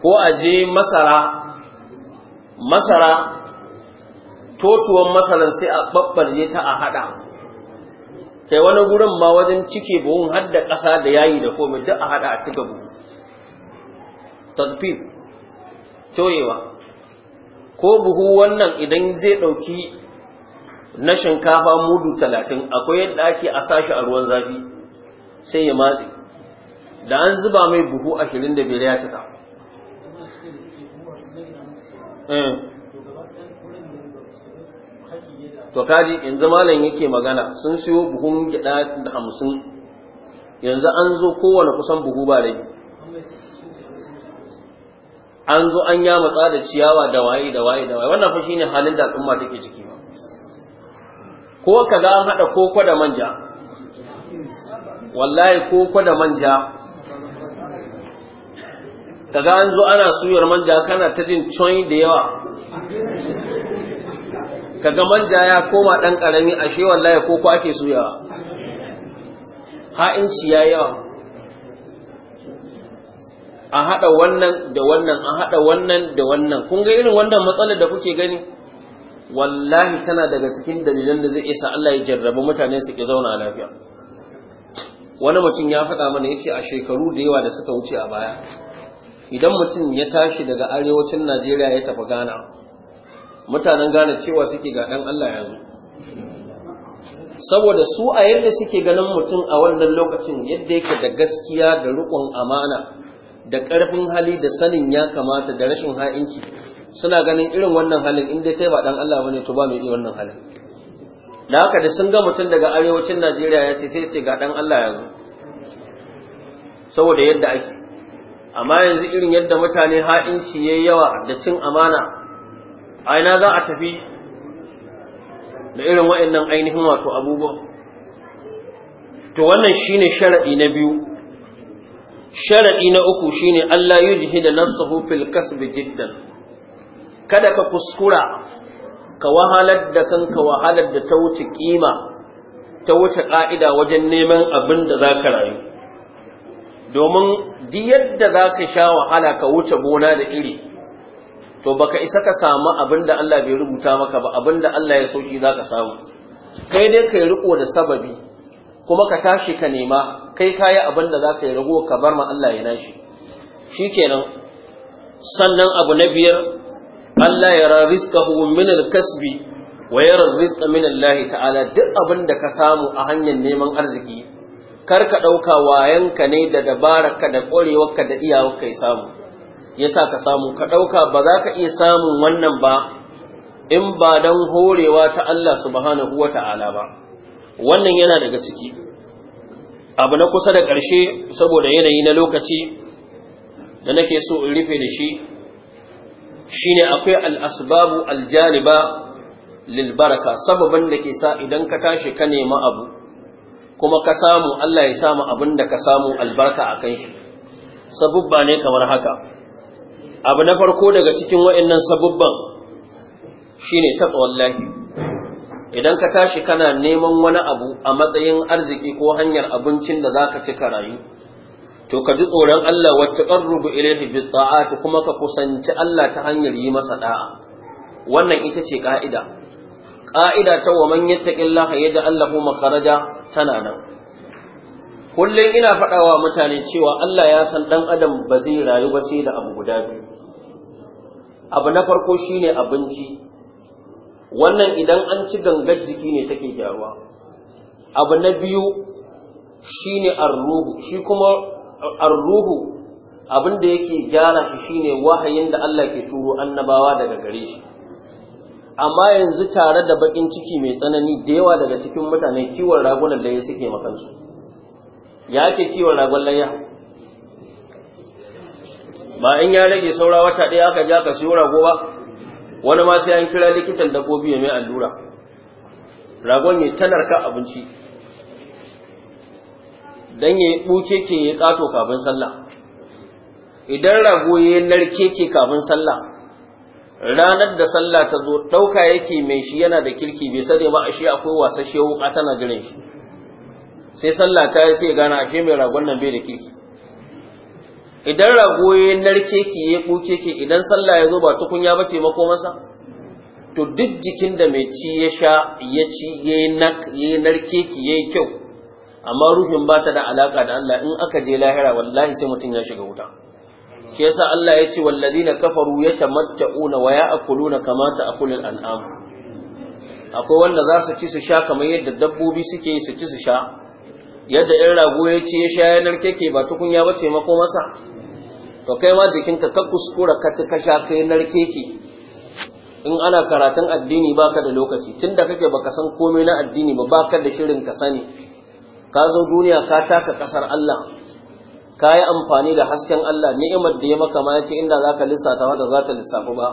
ko a je masara masara totuwan masalan sai a babbalje ta a haɗa kai wani gurin ma wajen cike buhun har da ƙasa da yayi da komai duk a haɗa a cika buhu tasfif toyewa ko buhu wannan idan zai ɗauki na shinkafa mudu talatin akwai yadda ake a sashi a ruwan zafi sai ya matse da an zuba mai buhu ashirin da biyar ya cika eh. to kaji yanzu malam yake magana sun siyo buhun gida da hamsin yanzu an zo kowane kusan buhu ba rai an zo an ya matsa da ciyawa da waye da waye da waye wannan fa shine halin da al'umma take ciki ba ko kaga an hada koko da manja wallahi koko da manja kaga an zo ana suyar manja kana ta jin coin da yawa Ka ga manja ya koma ɗan ƙarami ashe wallahi ko ko ake suyawa ha'inci ya yawa a haɗa wannan da wannan a haɗa wannan da wannan kun ga irin wannan matsalar da kuke gani wallahi tana daga cikin dalilan da zai isa Allah ya jarrabu mutane su ke zauna lafiya wani mutum ya faɗa mana ya ce a shekaru da yawa da suka wuce a baya idan mutum ya tashi daga arewacin Najeriya ya tafi Ghana mutanen gane cewa suke ga ɗan Allah ya zo saboda su a yadda suke ganin mutum a wannan lokacin yadda yake da gaskiya da riƙon amana da ƙarfin hali da sanin ya kamata da rashin ha'inci suna ganin irin wannan halin in dai kai ba ɗan Allah bane to ba mai iya wannan halin da haka da sun ga mutum daga arewacin Najeriya ya ce sai ce ga ɗan Allah ya zo saboda yadda ake amma yanzu irin yadda mutane ha'inci ya yawa da cin amana a ina za a tafi da irin waɗannan ainihin wato abubuwa? to wannan shine sharaɗi na biyu Sharaɗi na uku shine Allah yujhida nafsuhu fil kasbi jiddan kada ka kuskura ka wahalar da kanka wahalar da ta wuce ƙima, ta wuce ƙa'ida wajen neman abin da zaka rayu domin duk yadda za ka sha wahala ka wuce gona da iri to baka isa ka samu abin da Allah bai rubuta maka ba abin da Allah ya so za ka samu kai dai kai riko da sababi kuma ka tashi ka nema kai kayi abin da za ka yi rago ka bar ma Allah ya nashi shikenan sannan abu na biyar Allah ya rizqahu min kasbi wa yara rizqa min Allah ta'ala duk abin da ka samu a hanyar neman arziki kar ka ɗauka wayanka ne da dabararka da ƙwarewarka da iyawarka ya samu yasa ka samu ka ɗauka ba za ka iya samun wannan ba in ba don horewa ta Allah subhanahu wa ta'ala ba wannan yana daga ciki abu na kusa da ƙarshe saboda yanayi na lokaci da nake so in rufe da shi shine akwai al'asbabu aljaliba lilbaraka sababin da ke sa idan ka tashi ka nema abu kuma ka samu Allah ya samu abin da ka samu albarka a kan shi sabubba ne kamar haka abu na farko daga cikin wa'annan sabubban shine taqwal lahi idan ka tashi kana neman wani abu a matsayin arziki ko hanyar abincin da zaka ci ka rayu to ka ji tsoron Allah wa taqarrubu ilayhi bi ta kuma ka kusanci Allah ta hanyar yi masa da'a wannan ita ce ƙa'ida. Ƙa'ida ta wa man yattaqillaha yaj'al Allah makaraja tana nan kullum ina faɗawa mutane cewa Allah ya san ɗan adam ba zai rayu ba sai da abu guda biyu abu na farko shine abinci wannan idan an ci gangar jiki ne take gyaruwa abu na biyu shine arruhu shi kuma arruhu abin da yake gyara shi shine wahayin da Allah ke turo annabawa daga gare shi amma yanzu tare da bakin ciki mai tsanani da yawa daga cikin mutane kiwon ragunan ya suke makansu ya ke kiwon ragon layya ba in ya rage saura wata ɗaya aka ja ka siyo rago ba wani ma sai an kira likitan dabbobi ya mai allura ragon ya tanar ka abinci dan ya buke ke ya kato kafin sallah idan rago ya narke ke kafin sallah ranar da sallah ta zo ɗauka yake mai shi yana da kirki bai sani ba ashe akwai wasashe wuka tana jiran shi sai sallah ta yi sai gana ashe mai ragon nan bai da kirki idan rago ya narke ki ya buke ki idan sallah ya zo ba tukunya ba taimako masa to duk jikin da mai ci ya sha ya ci ya narke ki ya yi kyau amma ruhin ba ta da alaka da Allah in aka je lahira wallahi sai mutum ya shiga wuta shi yasa Allah ya ce wallazina kafaru ya tamatta'una wa ya'kuluna kama ta'kulul an'am akwai wanda za su ci su sha kamar yadda dabbobi suke yi su ci su sha yadda ɗan rago ya ce ya sha yanar keke ba tukunya ba ce mako masa to kai ma jikinka ka kuskura ka ci ka sha kai yanar keke in ana karatun addini ba ka da lokaci tunda kake baka san komai na addini ba ba ka da shirin ka sani ka zo duniya ka taka kasar Allah ka yi amfani da hasken Allah ni'imar da ya maka ma ce inda za ka lissata wanda za ta lissafi ba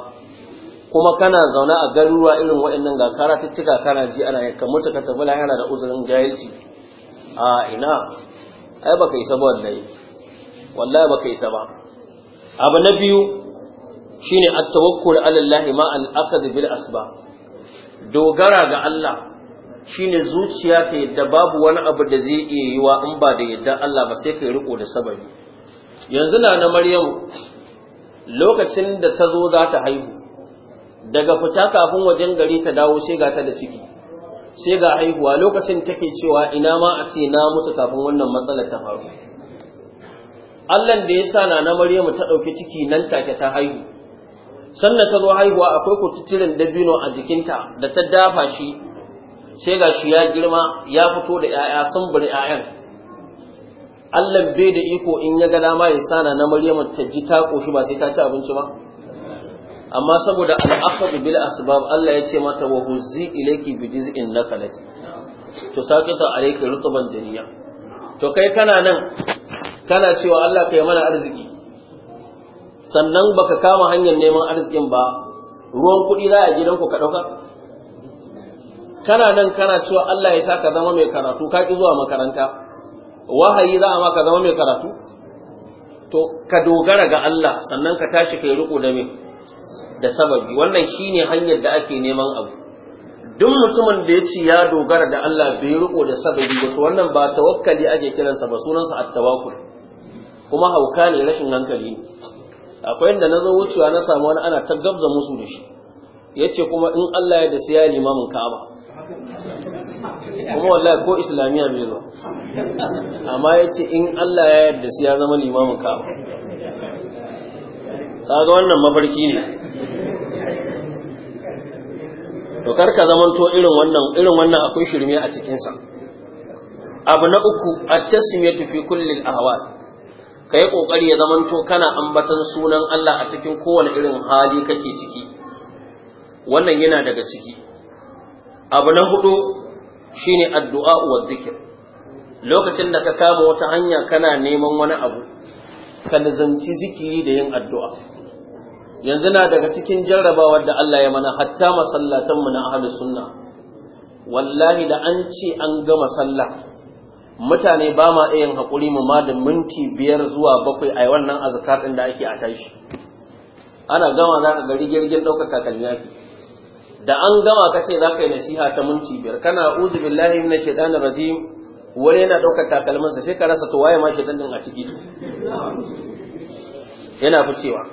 kuma kana zaune a garuruwa irin waɗannan ga karatuttuka kana ji ana yakka mutu ka tafi lahira da uzurin jahilci a ina ai baka isa ba wallahi wallahi baka isa ba abu na biyu shine at-tawakkul ala Allah ma al-akhd bil asba. dogara ga Allah shine zuciya ta yadda babu wani abu da zai iya yiwa in ba da yadda Allah ba sai kai riko da sabari yanzu na na Maryam lokacin da ta zo za ta haihu daga fita kafin wajen gari ta dawo sai ga ta da ciki sai ga haihuwa lokacin take cewa ina ma a ce na mutu kafin wannan matsalar ta faru Allahn da ya sa na na Maryamu ta ɗauki ciki nan take ta haihu sannan ta zo haihuwa akwai kututturen dabino a jikinta da ta dafa shi sai ga shi ya girma ya fito da 'ya'ya sun bari 'ya'yan Allah bai da iko in ya ga dama ya sa na Maryam ta ji ta koshi ba sai ta ci abinci ba amma saboda al'akhadhu bil asbab Allah ya ce mata wa huzzi ilayki bi jiz'in nakalati to saqita alayki rutuban daniya to kai kana nan kana cewa Allah kai mana arziki sannan baka kama hanyar neman arzikin ba ruwan kuɗi za a gidanku ka ɗauka kana nan kana cewa Allah ya sa ka zama mai karatu ka ki zuwa makaranta wahayi za a maka zama mai karatu to ka dogara ga Allah sannan ka tashi kai riko da mai da sababi wannan shine hanyar da ake neman abu duk mutumin da ya ce ya dogara da Allah bai riko da sababi ba to wannan ba tawakkali ake kiransa ba sunansa at-tawakkul kuma hauka ne rashin hankali ne akwai inda na zo wucewa na samu wani ana ta gabza musu da shi yace kuma in Allah ya da siya limamin Ka'aba kuma wallahi ko islamiya bai zo amma yace in Allah ya yarda siya zama limamin Ka'aba kaga wannan mafarki ne to karka zamanto irin wannan irin wannan akwai shirme a cikinsa abu na uku at-tasmiyatu fi kulli al-ahwal kai kokari ya zamanto kana ambatan sunan Allah a cikin kowane irin hali kake ciki wannan yana daga ciki abu na hudu shine addu'a wa dhikr lokacin da ka kama wata hanya kana neman wani abu ka nazanci zikiri da yin addu'a yanzu na daga cikin jarrabawar da Allah ya mana hatta masallatanmu na ahli sunna wallahi da an ce an gama sallah mutane ba ma iya haƙuri mu ma da minti biyar zuwa bakwai a wannan azkar ɗin da ake a tashi ana gama za ka gari girgin ɗaukar kakalmi da an gama ka ce za ka yi nasiha ta minti biyar kana uzu billahi na shaitanir rajim wani yana ɗaukar takalminsa sai ka rasa to waye ma shaitan din a ciki yana ficewa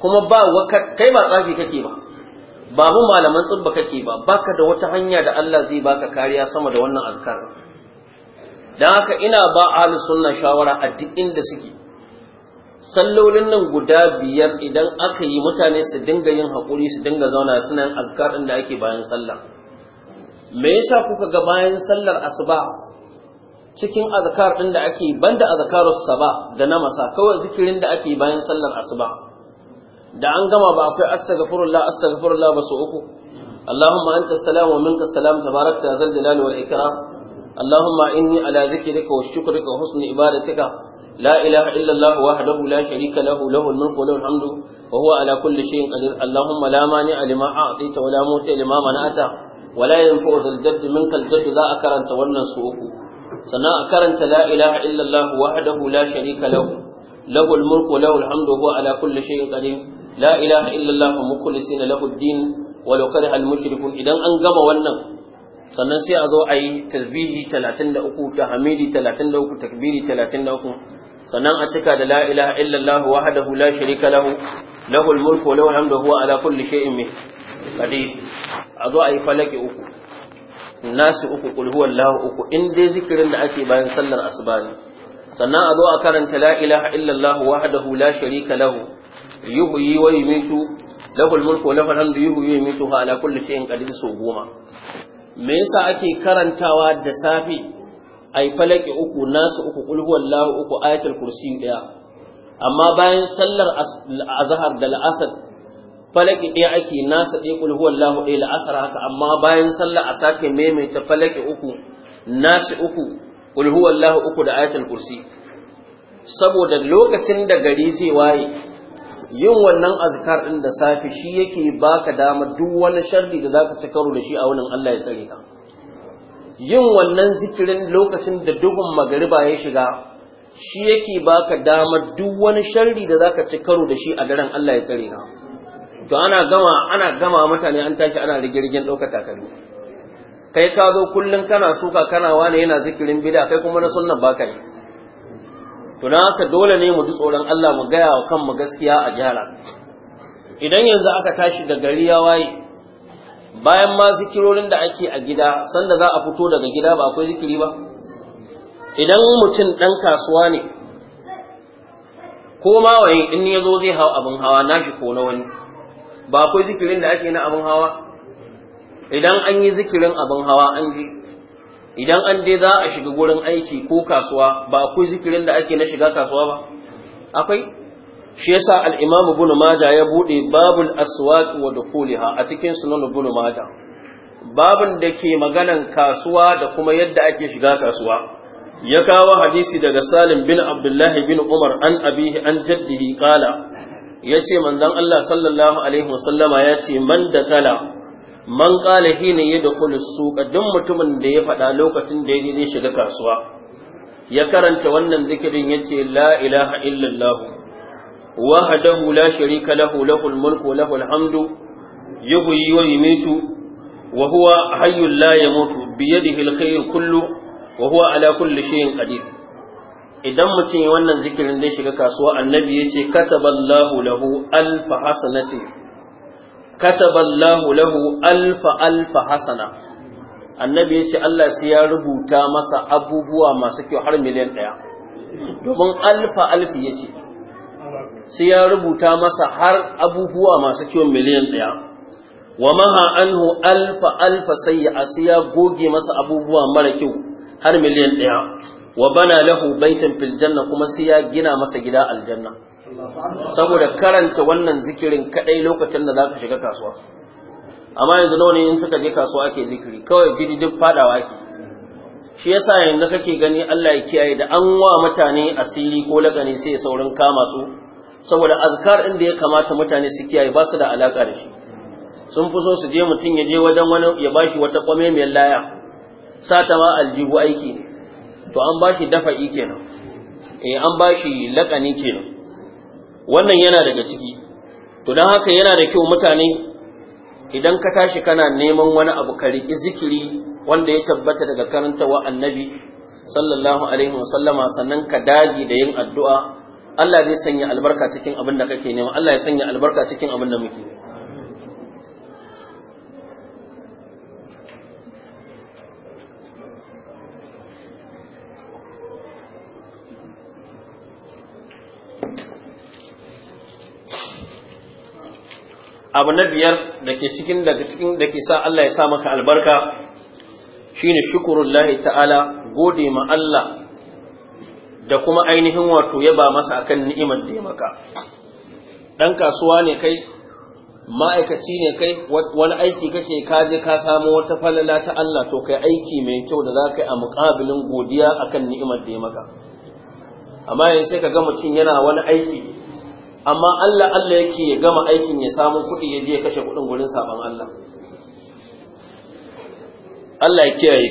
kuma ba wakar kai ba tsafi kake ba ba mu malaman tsubba kake ba baka da wata hanya da Allah zai baka kariya sama da wannan azkar dan haka ina ba ahli sunna shawara a duk inda suke sallolin nan guda biyar idan aka yi mutane su dinga yin hakuri su dinga zauna suna yin azkar da ake bayan sallah me yasa kuka ga bayan sallar asuba cikin azkar din da ake banda azkarus saba da namasa kawai zikirin da ake bayan sallar asuba da an gama ba akwai astaghfirullah astaghfirullah ba su uku allahumma anta salam wa minka salam tabarakta ya zal jalali wal ikram inni ala zikrika wa shukrika wa husni ibadatika la ilaha illa allah la sharika lahu lahu al-mulk wa lahu al-hamdu wa huwa ala kulli shay'in qadir allahumma la mani'a lima a'tayta wa la muti'a lima mana'ata wa la wannan su uku sannan a karanta la ilaha illa allah la sharika lahu له الملك وله الحمد وهو على la ilaha illallah mukhlisina lahu din walau kariha al-mushrikun idan an gama wannan sannan sai a zo a yi tasbihi 33 tahmidi 33 takbiri uku. sannan a cika da la ilaha illallah wahadahu la sharika lahu lahu al-mulku wa hamdu huwa ala kulli shay'in qadir a zo a yi falaki uku nasi uku kul huwallahu uku in dai zikirin da ake bayan sallar asuba ne sannan a zo a karanta la ilaha illallah wahadahu la sharika lahu yuhyi wa yumitu lahul mulku lahul hamdu yuhyi wa yumitu ala kulli shay'in qadir su goma me yasa ake karantawa da safi ay falaki uku nasu uku qul huwallahu uku ayatul kursi daya amma bayan sallar azhar da al-asr falaki ɗaya ake nasa ɗaya qul huwallahu ɗaya asr haka amma bayan sallar asake maimaita falaki uku nasu uku qul huwallahu uku da ayatul kursi saboda lokacin da gari zai waye yin wannan azkar ɗin da safe shi yake baka dama duk wani sharri da zaka ci karo da shi a wannan Allah ya tsare ka yin wannan zikirin lokacin da duhun magariba ya shiga shi yake baka dama duk wani sharri da zaka ci karo da shi a daren Allah ya tsare ka to ana gama ana gama mutane an tashi ana rigirgin ɗaukar takalmi kai ka zo kullum kana suka kana wani yana zikirin bida kai kuma na sunnan baka yi to haka dole ne mu ji tsoron Allah mu gaya wa kanmu gaskiya a gyara idan yanzu aka tashi da gari ya waye bayan ma zikirorin da ake a gida sanda za a fito daga gida ba akwai zikiri ba idan mutum ɗan kasuwa ne ko ma waye in ya zo zai hau abin hawa nashi ko na wani ba akwai zikirin da ake na abin hawa idan an yi zikirin abin hawa an ji idan an dai za a shiga gurin aiki ko kasuwa ba akwai zikirin da ake na shiga kasuwa ba akwai shi yasa al-Imam Ibn ya bude babul aswaq wa dukuliha a cikin Sunan Ibn Majah babun da ke maganan kasuwa da kuma yadda ake shiga kasuwa ya kawo hadisi daga Salim bin Abdullah bin Umar an abihi an jaddihi qala yace manzon Allah sallallahu alaihi wasallama yace man kala man qala hina yadkhulu as duk mutumin da ya faɗa lokacin da yaje zai shiga kasuwa ya karanta wannan zikirin yace la ilaha illallah wahdahu la sharika lahu lahul mulku lahul hamdu yuhyi wa yumitu wa huwa hayyul la yamutu bi yadihi al kullu wa huwa ala kulli shay'in qadir idan mutum ya wannan zikirin zai shiga kasuwa annabi yace kataballahu lahu alf hasanatin الله له alfa alfa hasana annabi ya ce Allah sai ya rubuta masa abubuwa masu kyau har miliyan ɗaya domin alfa alfi ya ce sai ya rubuta masa har abubuwa masu kyau miliyan ɗaya wa maha anhu alfa alfa sayya sai ya goge masa abubuwa mara kyau har miliyan ɗaya wa bana lahu baitan fil janna kuma sai ya gina masa gida aljanna saboda karanta wannan zikirin kadai lokacin da za ka shiga kasuwa amma yanzu nawa ne in suka je kasuwa ake zikiri kawai gidi duk fadawa ake shi yasa yanzu kake gani Allah ya kiyaye da an wa mutane asiri ko lagani sai saurin kama su saboda azkar inda ya kamata mutane su kiyaye ba su da alaka da shi sun fi so su je mutum ya je wajen wani ya bashi wata kwame mai laya ta ma aljihu aiki to an bashi dafa'i kenan eh an bashi lakani kenan wannan yana daga ciki to don haka yana da kyau mutane idan ka tashi kana neman wani abu ka riki zikiri wanda ya tabbata daga karanta wa annabi sallallahu alaihi wasallama sannan ka dagi da yin addu'a Allah zai sanya albarka cikin abin da kake nema Allah ya sanya albarka cikin abin da muke abu na biyar da ke cikin daga cikin da ke sa Allah ya sa maka albarka shine shukurullahi ta'ala gode ma Allah da kuma ainihin wato ya ba masa akan ni'imar da ya maka dan kasuwa ne kai ma'aikaci ne kai wani aiki kake ka je ka samu wata falala ta Allah to kai aiki mai kyau da za ka yi a muƙabilin godiya akan ni'imar da ya maka amma yanzu sai ka ga mutum yana wani aiki amma Allah Allah yake ya gama aikin ya samu kuɗi ya je ya kashe kuɗin gurin saban Allah Allah ya kiyaye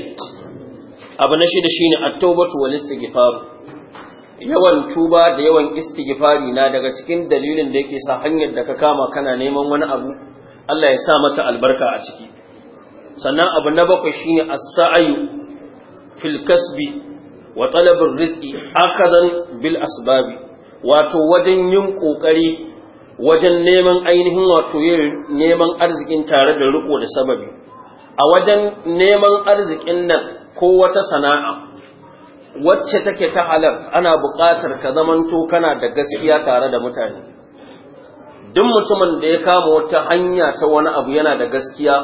abu na shida shine at-taubatu wal istighfar yawan tuba da yawan istighfari na daga cikin dalilin da yake sa hanyar da ka kama kana neman wani abu Allah ya sa mata albarka a ciki sannan abu na bakwai shine as-sa'yu fil kasbi wa talab rizqi akadan bil asbabi wato wajen yin ƙoƙari wajen neman ainihin wato yin neman arzikin tare da riko da sababi a wajen neman arzikin nan ko wata sana'a wacce take ta halar ana buƙatar ka zamanto kana da gaskiya tare da mutane duk mutumin da ya kama wata hanya ta wani abu yana da gaskiya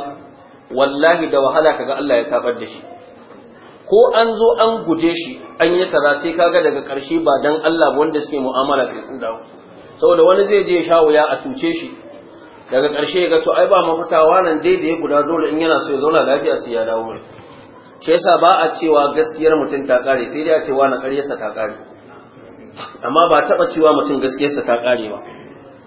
wallahi da wahala kaga Allah ya tabar da shi ko an zo an guje shi an yi kaza sai kaga daga karshe ba dan Allah ba wanda suke mu'amala sai sun dawo saboda wani zai je sha wuya a cuce shi daga karshe ya ga to ai ba mafita nan dai da ya guda dole in yana so ya zauna lafiya sai ya dawo mai shi yasa ba a cewa gaskiyar mutum ta kare sai dai a cewa na sa ta kare amma ba taɓa cewa mutum gaskiyarsa ta kare ba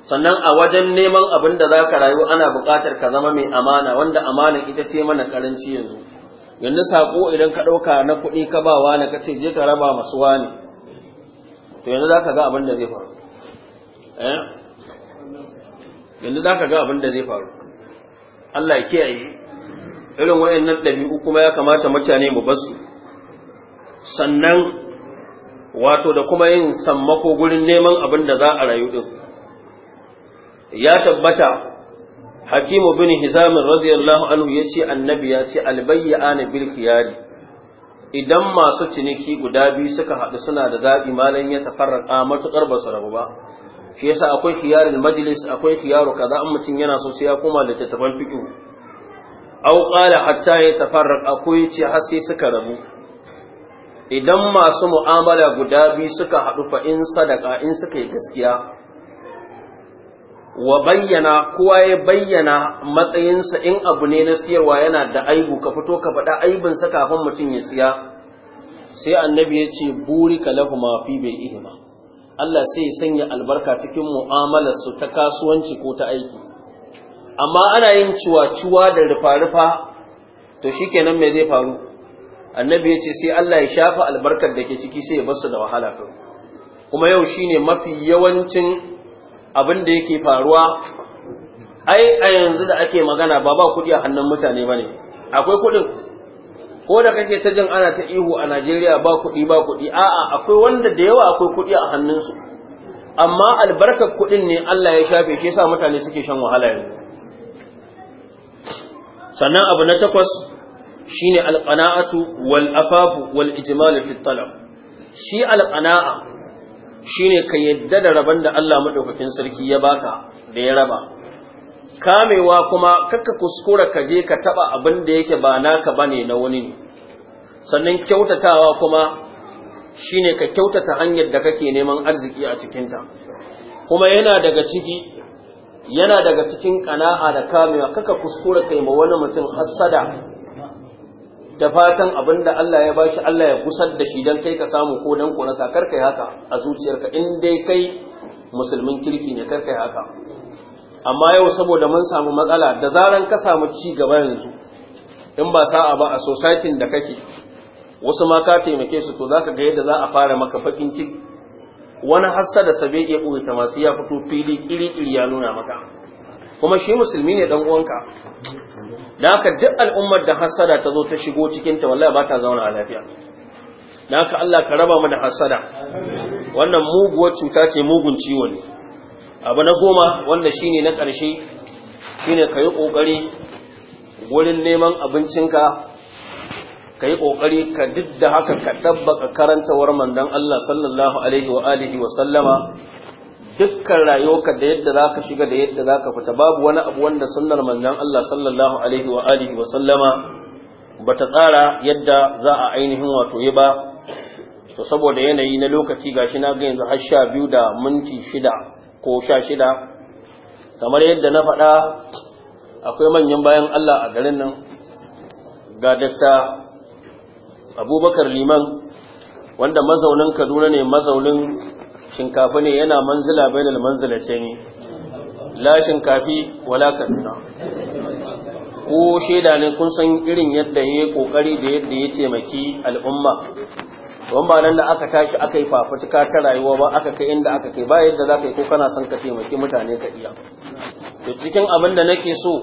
sannan a wajen neman abin da za ka rayu ana buƙatar ka zama mai amana wanda amanar ita ce mana karanci yanzu yanzu sako idan ka ɗauka na kuɗi ka ba wani ka ce je ka raba masu wani to yanzu za ka ga abin da zai faru eh? yanzu za ka ga abin da zai faru Allah ya kiyaye irin wayannan ɗabi'u kuma ya kamata mutane mu basu sannan wato da kuma yin sammako gurin neman abin da za a rayu din ya tabbata hakimu bin hizam radiyallahu anhu yace annabi ya ce albayyana bil idan masu ciniki guda biyu suka haɗu suna da zaɓi malan ya tafarraka matuƙar ba su rabu ba shi yasa akwai khiyarin majalis, akwai khiyaru kaza an mutum yana so sai ya koma littattafan fiqh aw qala hatta ya tafarraka akwai ce har sai suka rabu idan masu mu'amala guda biyu suka haɗu fa in sadaka in suka yi gaskiya wa bayyana kowa ya bayyana matsayinsa in abu ne na siyarwa yana da aibu ka fito ka faɗa aibinsa kafin mutum ya siya sai annabi ya ce buri ka lahu ma fi bai ihima Allah sai ya sanya albarka cikin mu'amalarsu ta kasuwanci ko ta aiki amma ana yin ciwa-ciwa da rufa-rufa to shikenan me zai faru annabi ya ce sai Allah ya shafa albarkar da ke ciki sai ya basu da wahala kuma yau shine mafi yawancin abin da yake faruwa ai a yanzu da ake magana ba ba kuɗi a hannun mutane ba ne akwai kuɗin ko da kake ta jin ana ta ihu a najeriya ba kuɗi ba kuɗi a'a akwai wanda da yawa akwai kuɗi a hannunsu amma albarkar kuɗin ne allah ya shafe shi yasa mutane suke shan wahala yanzu sannan abu na takwas shine alqana'atu wal afafu wal ijmalu fi talab shi alqana'a Shi ne ka yadda da rabon da Allah maɗaukakin sarki ya baka da ya raba kamewa kuma kakka kuskura ka je ka taɓa abin da yake ba naka bane na wani ne sannan kyautatawa kuma shi ne ka kyautata hanyar da kake neman arziki a cikinta kuma yana daga ciki yana daga cikin kana'a da kamewa kaka kuskura kai ma wani mutum hassada da fatan abin da Allah ya bashi Allah ya kusar da shi don kai ka samu ko don ku kar karkai haka a zuciyarka in dai kai musulmin kirki ne karkai haka amma yau saboda mun samu matsala da zaran ka samu ci gaba yanzu in ba sa'a ba a sosaitin da kake wasu ma ka taimake su to zaka ga yadda za a fara maka fakin ciki wani hassa da sabe ya ta masu ya fito fili ƙiri ƙiri ya nuna maka kuma shi musulmi ne dan uwanka da haka duk al'ummar da hasada ta zo ta shigo cikin ta wallahi ba ta zauna a lafiya da haka Allah ka raba mu da hasada wannan muguwar cuta ce mugun ciwo ne abu na goma wanda shine na ƙarshe shine ka yi ƙoƙari wurin neman abincinka ka yi ƙoƙari ka duk da haka ka tabbaka karantawar mandan Allah sallallahu alaihi wa alihi wa sallama dukkan rayuwarka da yadda za ka shiga da yadda za ka fita babu wani abu wanda sunnar manzon Allah sallallahu alaihi wa alihi wa sallama bata tsara yadda za a ainihin wato yi ba to saboda yanayi na lokaci gashi na ga yanzu har sha biyu da minti shida ko sha shida kamar yadda na faɗa akwai manyan bayan Allah a garin nan ga dakta abubakar liman wanda mazaunin kaduna ne mazaunin shinkafi ne yana manzila ce ne la shinkafi wala kaduna ko sheda ne kun san irin yadda yi kokari da yadda ya taimaki al'umma don ba nan da aka tashi aka yi fafutuka ta rayuwa ba aka kai inda aka kai ba yadda za ka yi ko kana son ka taimaki mutane ka iya da cikin abin da nake so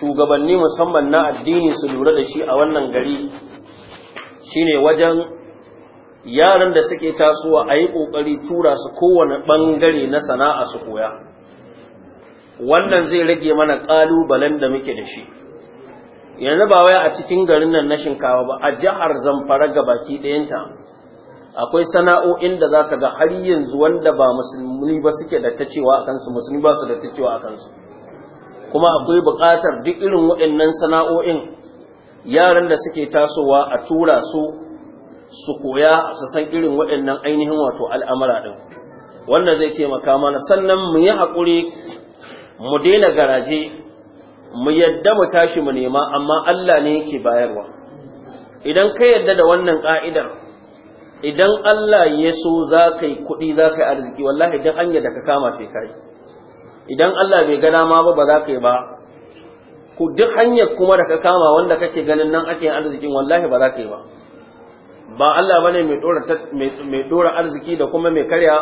shugabanni musamman na addini su lura da shi a wannan gari shine wajen yaran da suke tasowa a yi ƙoƙari tura su kowane ɓangare na sana'a su koya wannan zai rage mana ƙalubalen da muke da shi yanzu ba wai a cikin garin nan na shinkawa ba a jihar zamfara ga baki ɗayanta akwai sana'o'in da za ka ga har yanzu wanda ba musulmi ba suke da ta cewa a kansu musulmi ba su da ta cewa a kansu kuma akwai buƙatar duk irin waɗannan sana'o'in yaran da suke tasowa a tura su su koya su san irin waɗannan ainihin wato al'amura ɗin wanda zai taimaka mana sannan mu yi haƙuri mu daina garaje mu yadda mu tashi mu nema amma Allah ne yake bayarwa idan ka yadda da wannan ƙa'idar idan Allah ya so za ka yi kuɗi za ka yi arziki wallahi duk hanyar da ka kama sai ka idan Allah bai gana ma ba ba za ka yi ba ku duk hanyar kuma da ka kama wanda kake ganin nan ake arzikin wallahi ba za ka yi ba ba Allah bane mai dora mai dora arziki da kuma mai karya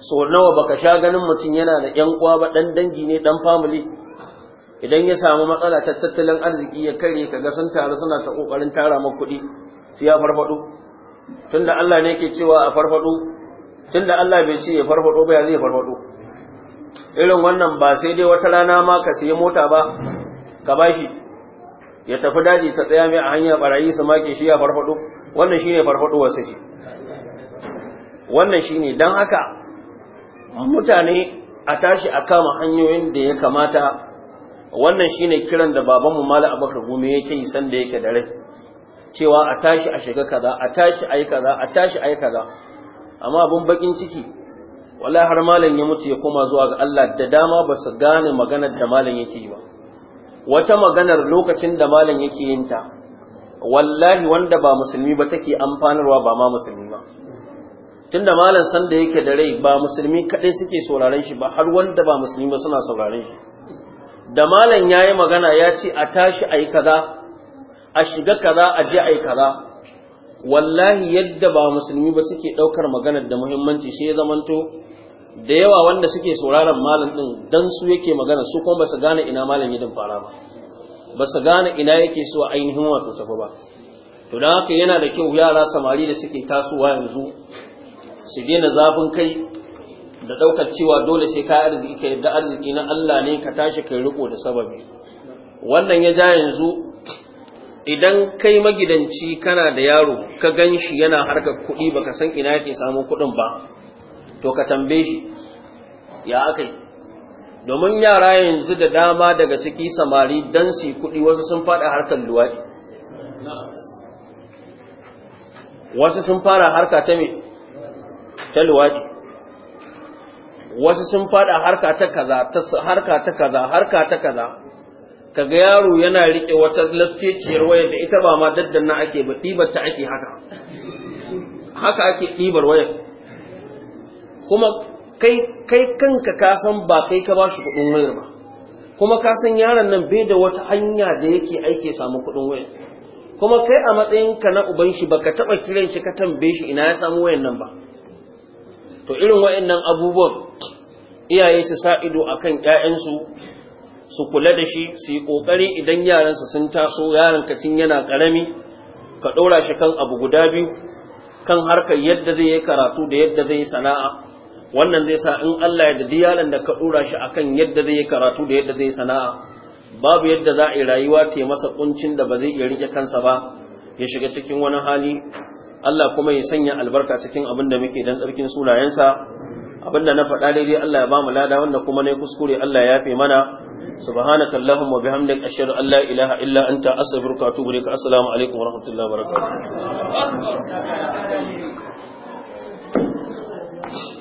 so nawa baka sha ganin mutum yana da yan uwa ba dan dangi ne dan family idan ya samu matsala ta tattalin arziki ya kare kaga sun taru suna ta kokarin tara maka kuɗi sai ya farfado tunda Allah ne yake cewa a farfado tunda Allah bai ce ya farfado ba ya zai farfado irin wannan ba sai dai wata rana ma ka sayi mota ba ka bashi ya tafi daji ta tsaya mai a hanya barayi su make shi ya farfado wannan shine farfado wasu shi wannan shine dan haka mutane a tashi a kama hanyoyin da ya kamata wannan shine kiran da babanmu Bakar Gumi Gome yake yi sanda yake da rai cewa a tashi a shiga kaza a tashi a yi kaza a tashi a yi kaza amma abun bakin ciki wallahi har malam ya mutu ya koma zuwa ga Allah da dama ba su gane maganar da malam yake yi ba wata maganar lokacin da malam yake yin ta wallahi wanda ba musulmi ba take amfanarwa ba ma musulmi ba tunda malam san da yake da rai ba musulmi kaɗai suke sauraron shi ba har wanda ba musulmi ba suna sauraron shi da malam yi magana ya ce a tashi ayi kaza a shiga kaza a je ayi kaza wallahi yadda ba musulmi ba suke ɗaukar maganar da muhimmanci sai ya zamanto da yawa wanda suke sauraron malam din dan su yake magana su kuma ba su gane ina malam yadin fara ba ba su gane ina yake so ainihin wato tafi ba to dan haka yana da kyau yara samari da suke tasowa yanzu su daina zafin kai da daukar cewa dole sai ka arziki ka yadda arziki na Allah ne ka tashi kai riko da sababi wannan ya ja yanzu idan kai magidanci kana da yaro ka gan shi yana harkar kuɗi baka san ina yake samu kuɗin ba to ka tambaye shi ya aka yi domin yara yanzu da dama daga ciki samari don su kuɗi wasu sun faɗa harkar luwaɗi wasu sun fara harka ta me ta luwaɗi wasu sun faɗa harka ta kaza harka ta kaza harka ta kaza kaga yaro yana riƙe wata lafceciyar waya da ita ba ma daddan na ake ba ɗibar ta ake haka haka ake ɗibar wayar kuma kai kanka ka san ba kai ka ba shi kuɗin wayar ba kuma ka san yaron nan bai da wata hanya da yake aike samu kuɗin wayar kuma kai a matsayin ka na uban shi baka taba kiran shi ka tambaye shi ina ya samu wayar nan ba to irin wayannan abubuwan iyaye su sa ido akan ƴaƴan su kula da shi su yi ƙoƙari idan yaransu sun taso yaron tun yana karami ka ɗora shi kan abu guda biyu kan harkar yadda zai yi karatu da yadda zai yi sana'a wannan zai sa in Allah ya dadi yalan da ka dora shi akan yadda zai yi karatu da yadda zai sana'a babu yadda za a yi rayuwa ta masa kuncin da ba zai iya rike kansa ba ya shiga cikin wani hali Allah kuma ya sanya albarka cikin abin da muke dan tsarkin sunayensa abin da na faɗa daidai Allah ya ba mu lada wanda kuma ne kuskure Allah ya yafe mana subhanaka allahumma bihamdik ashhadu an la ilaha illa anta astaghfiruka wa atubu ilaik assalamu alaikum wa rahmatullahi wa barakatuh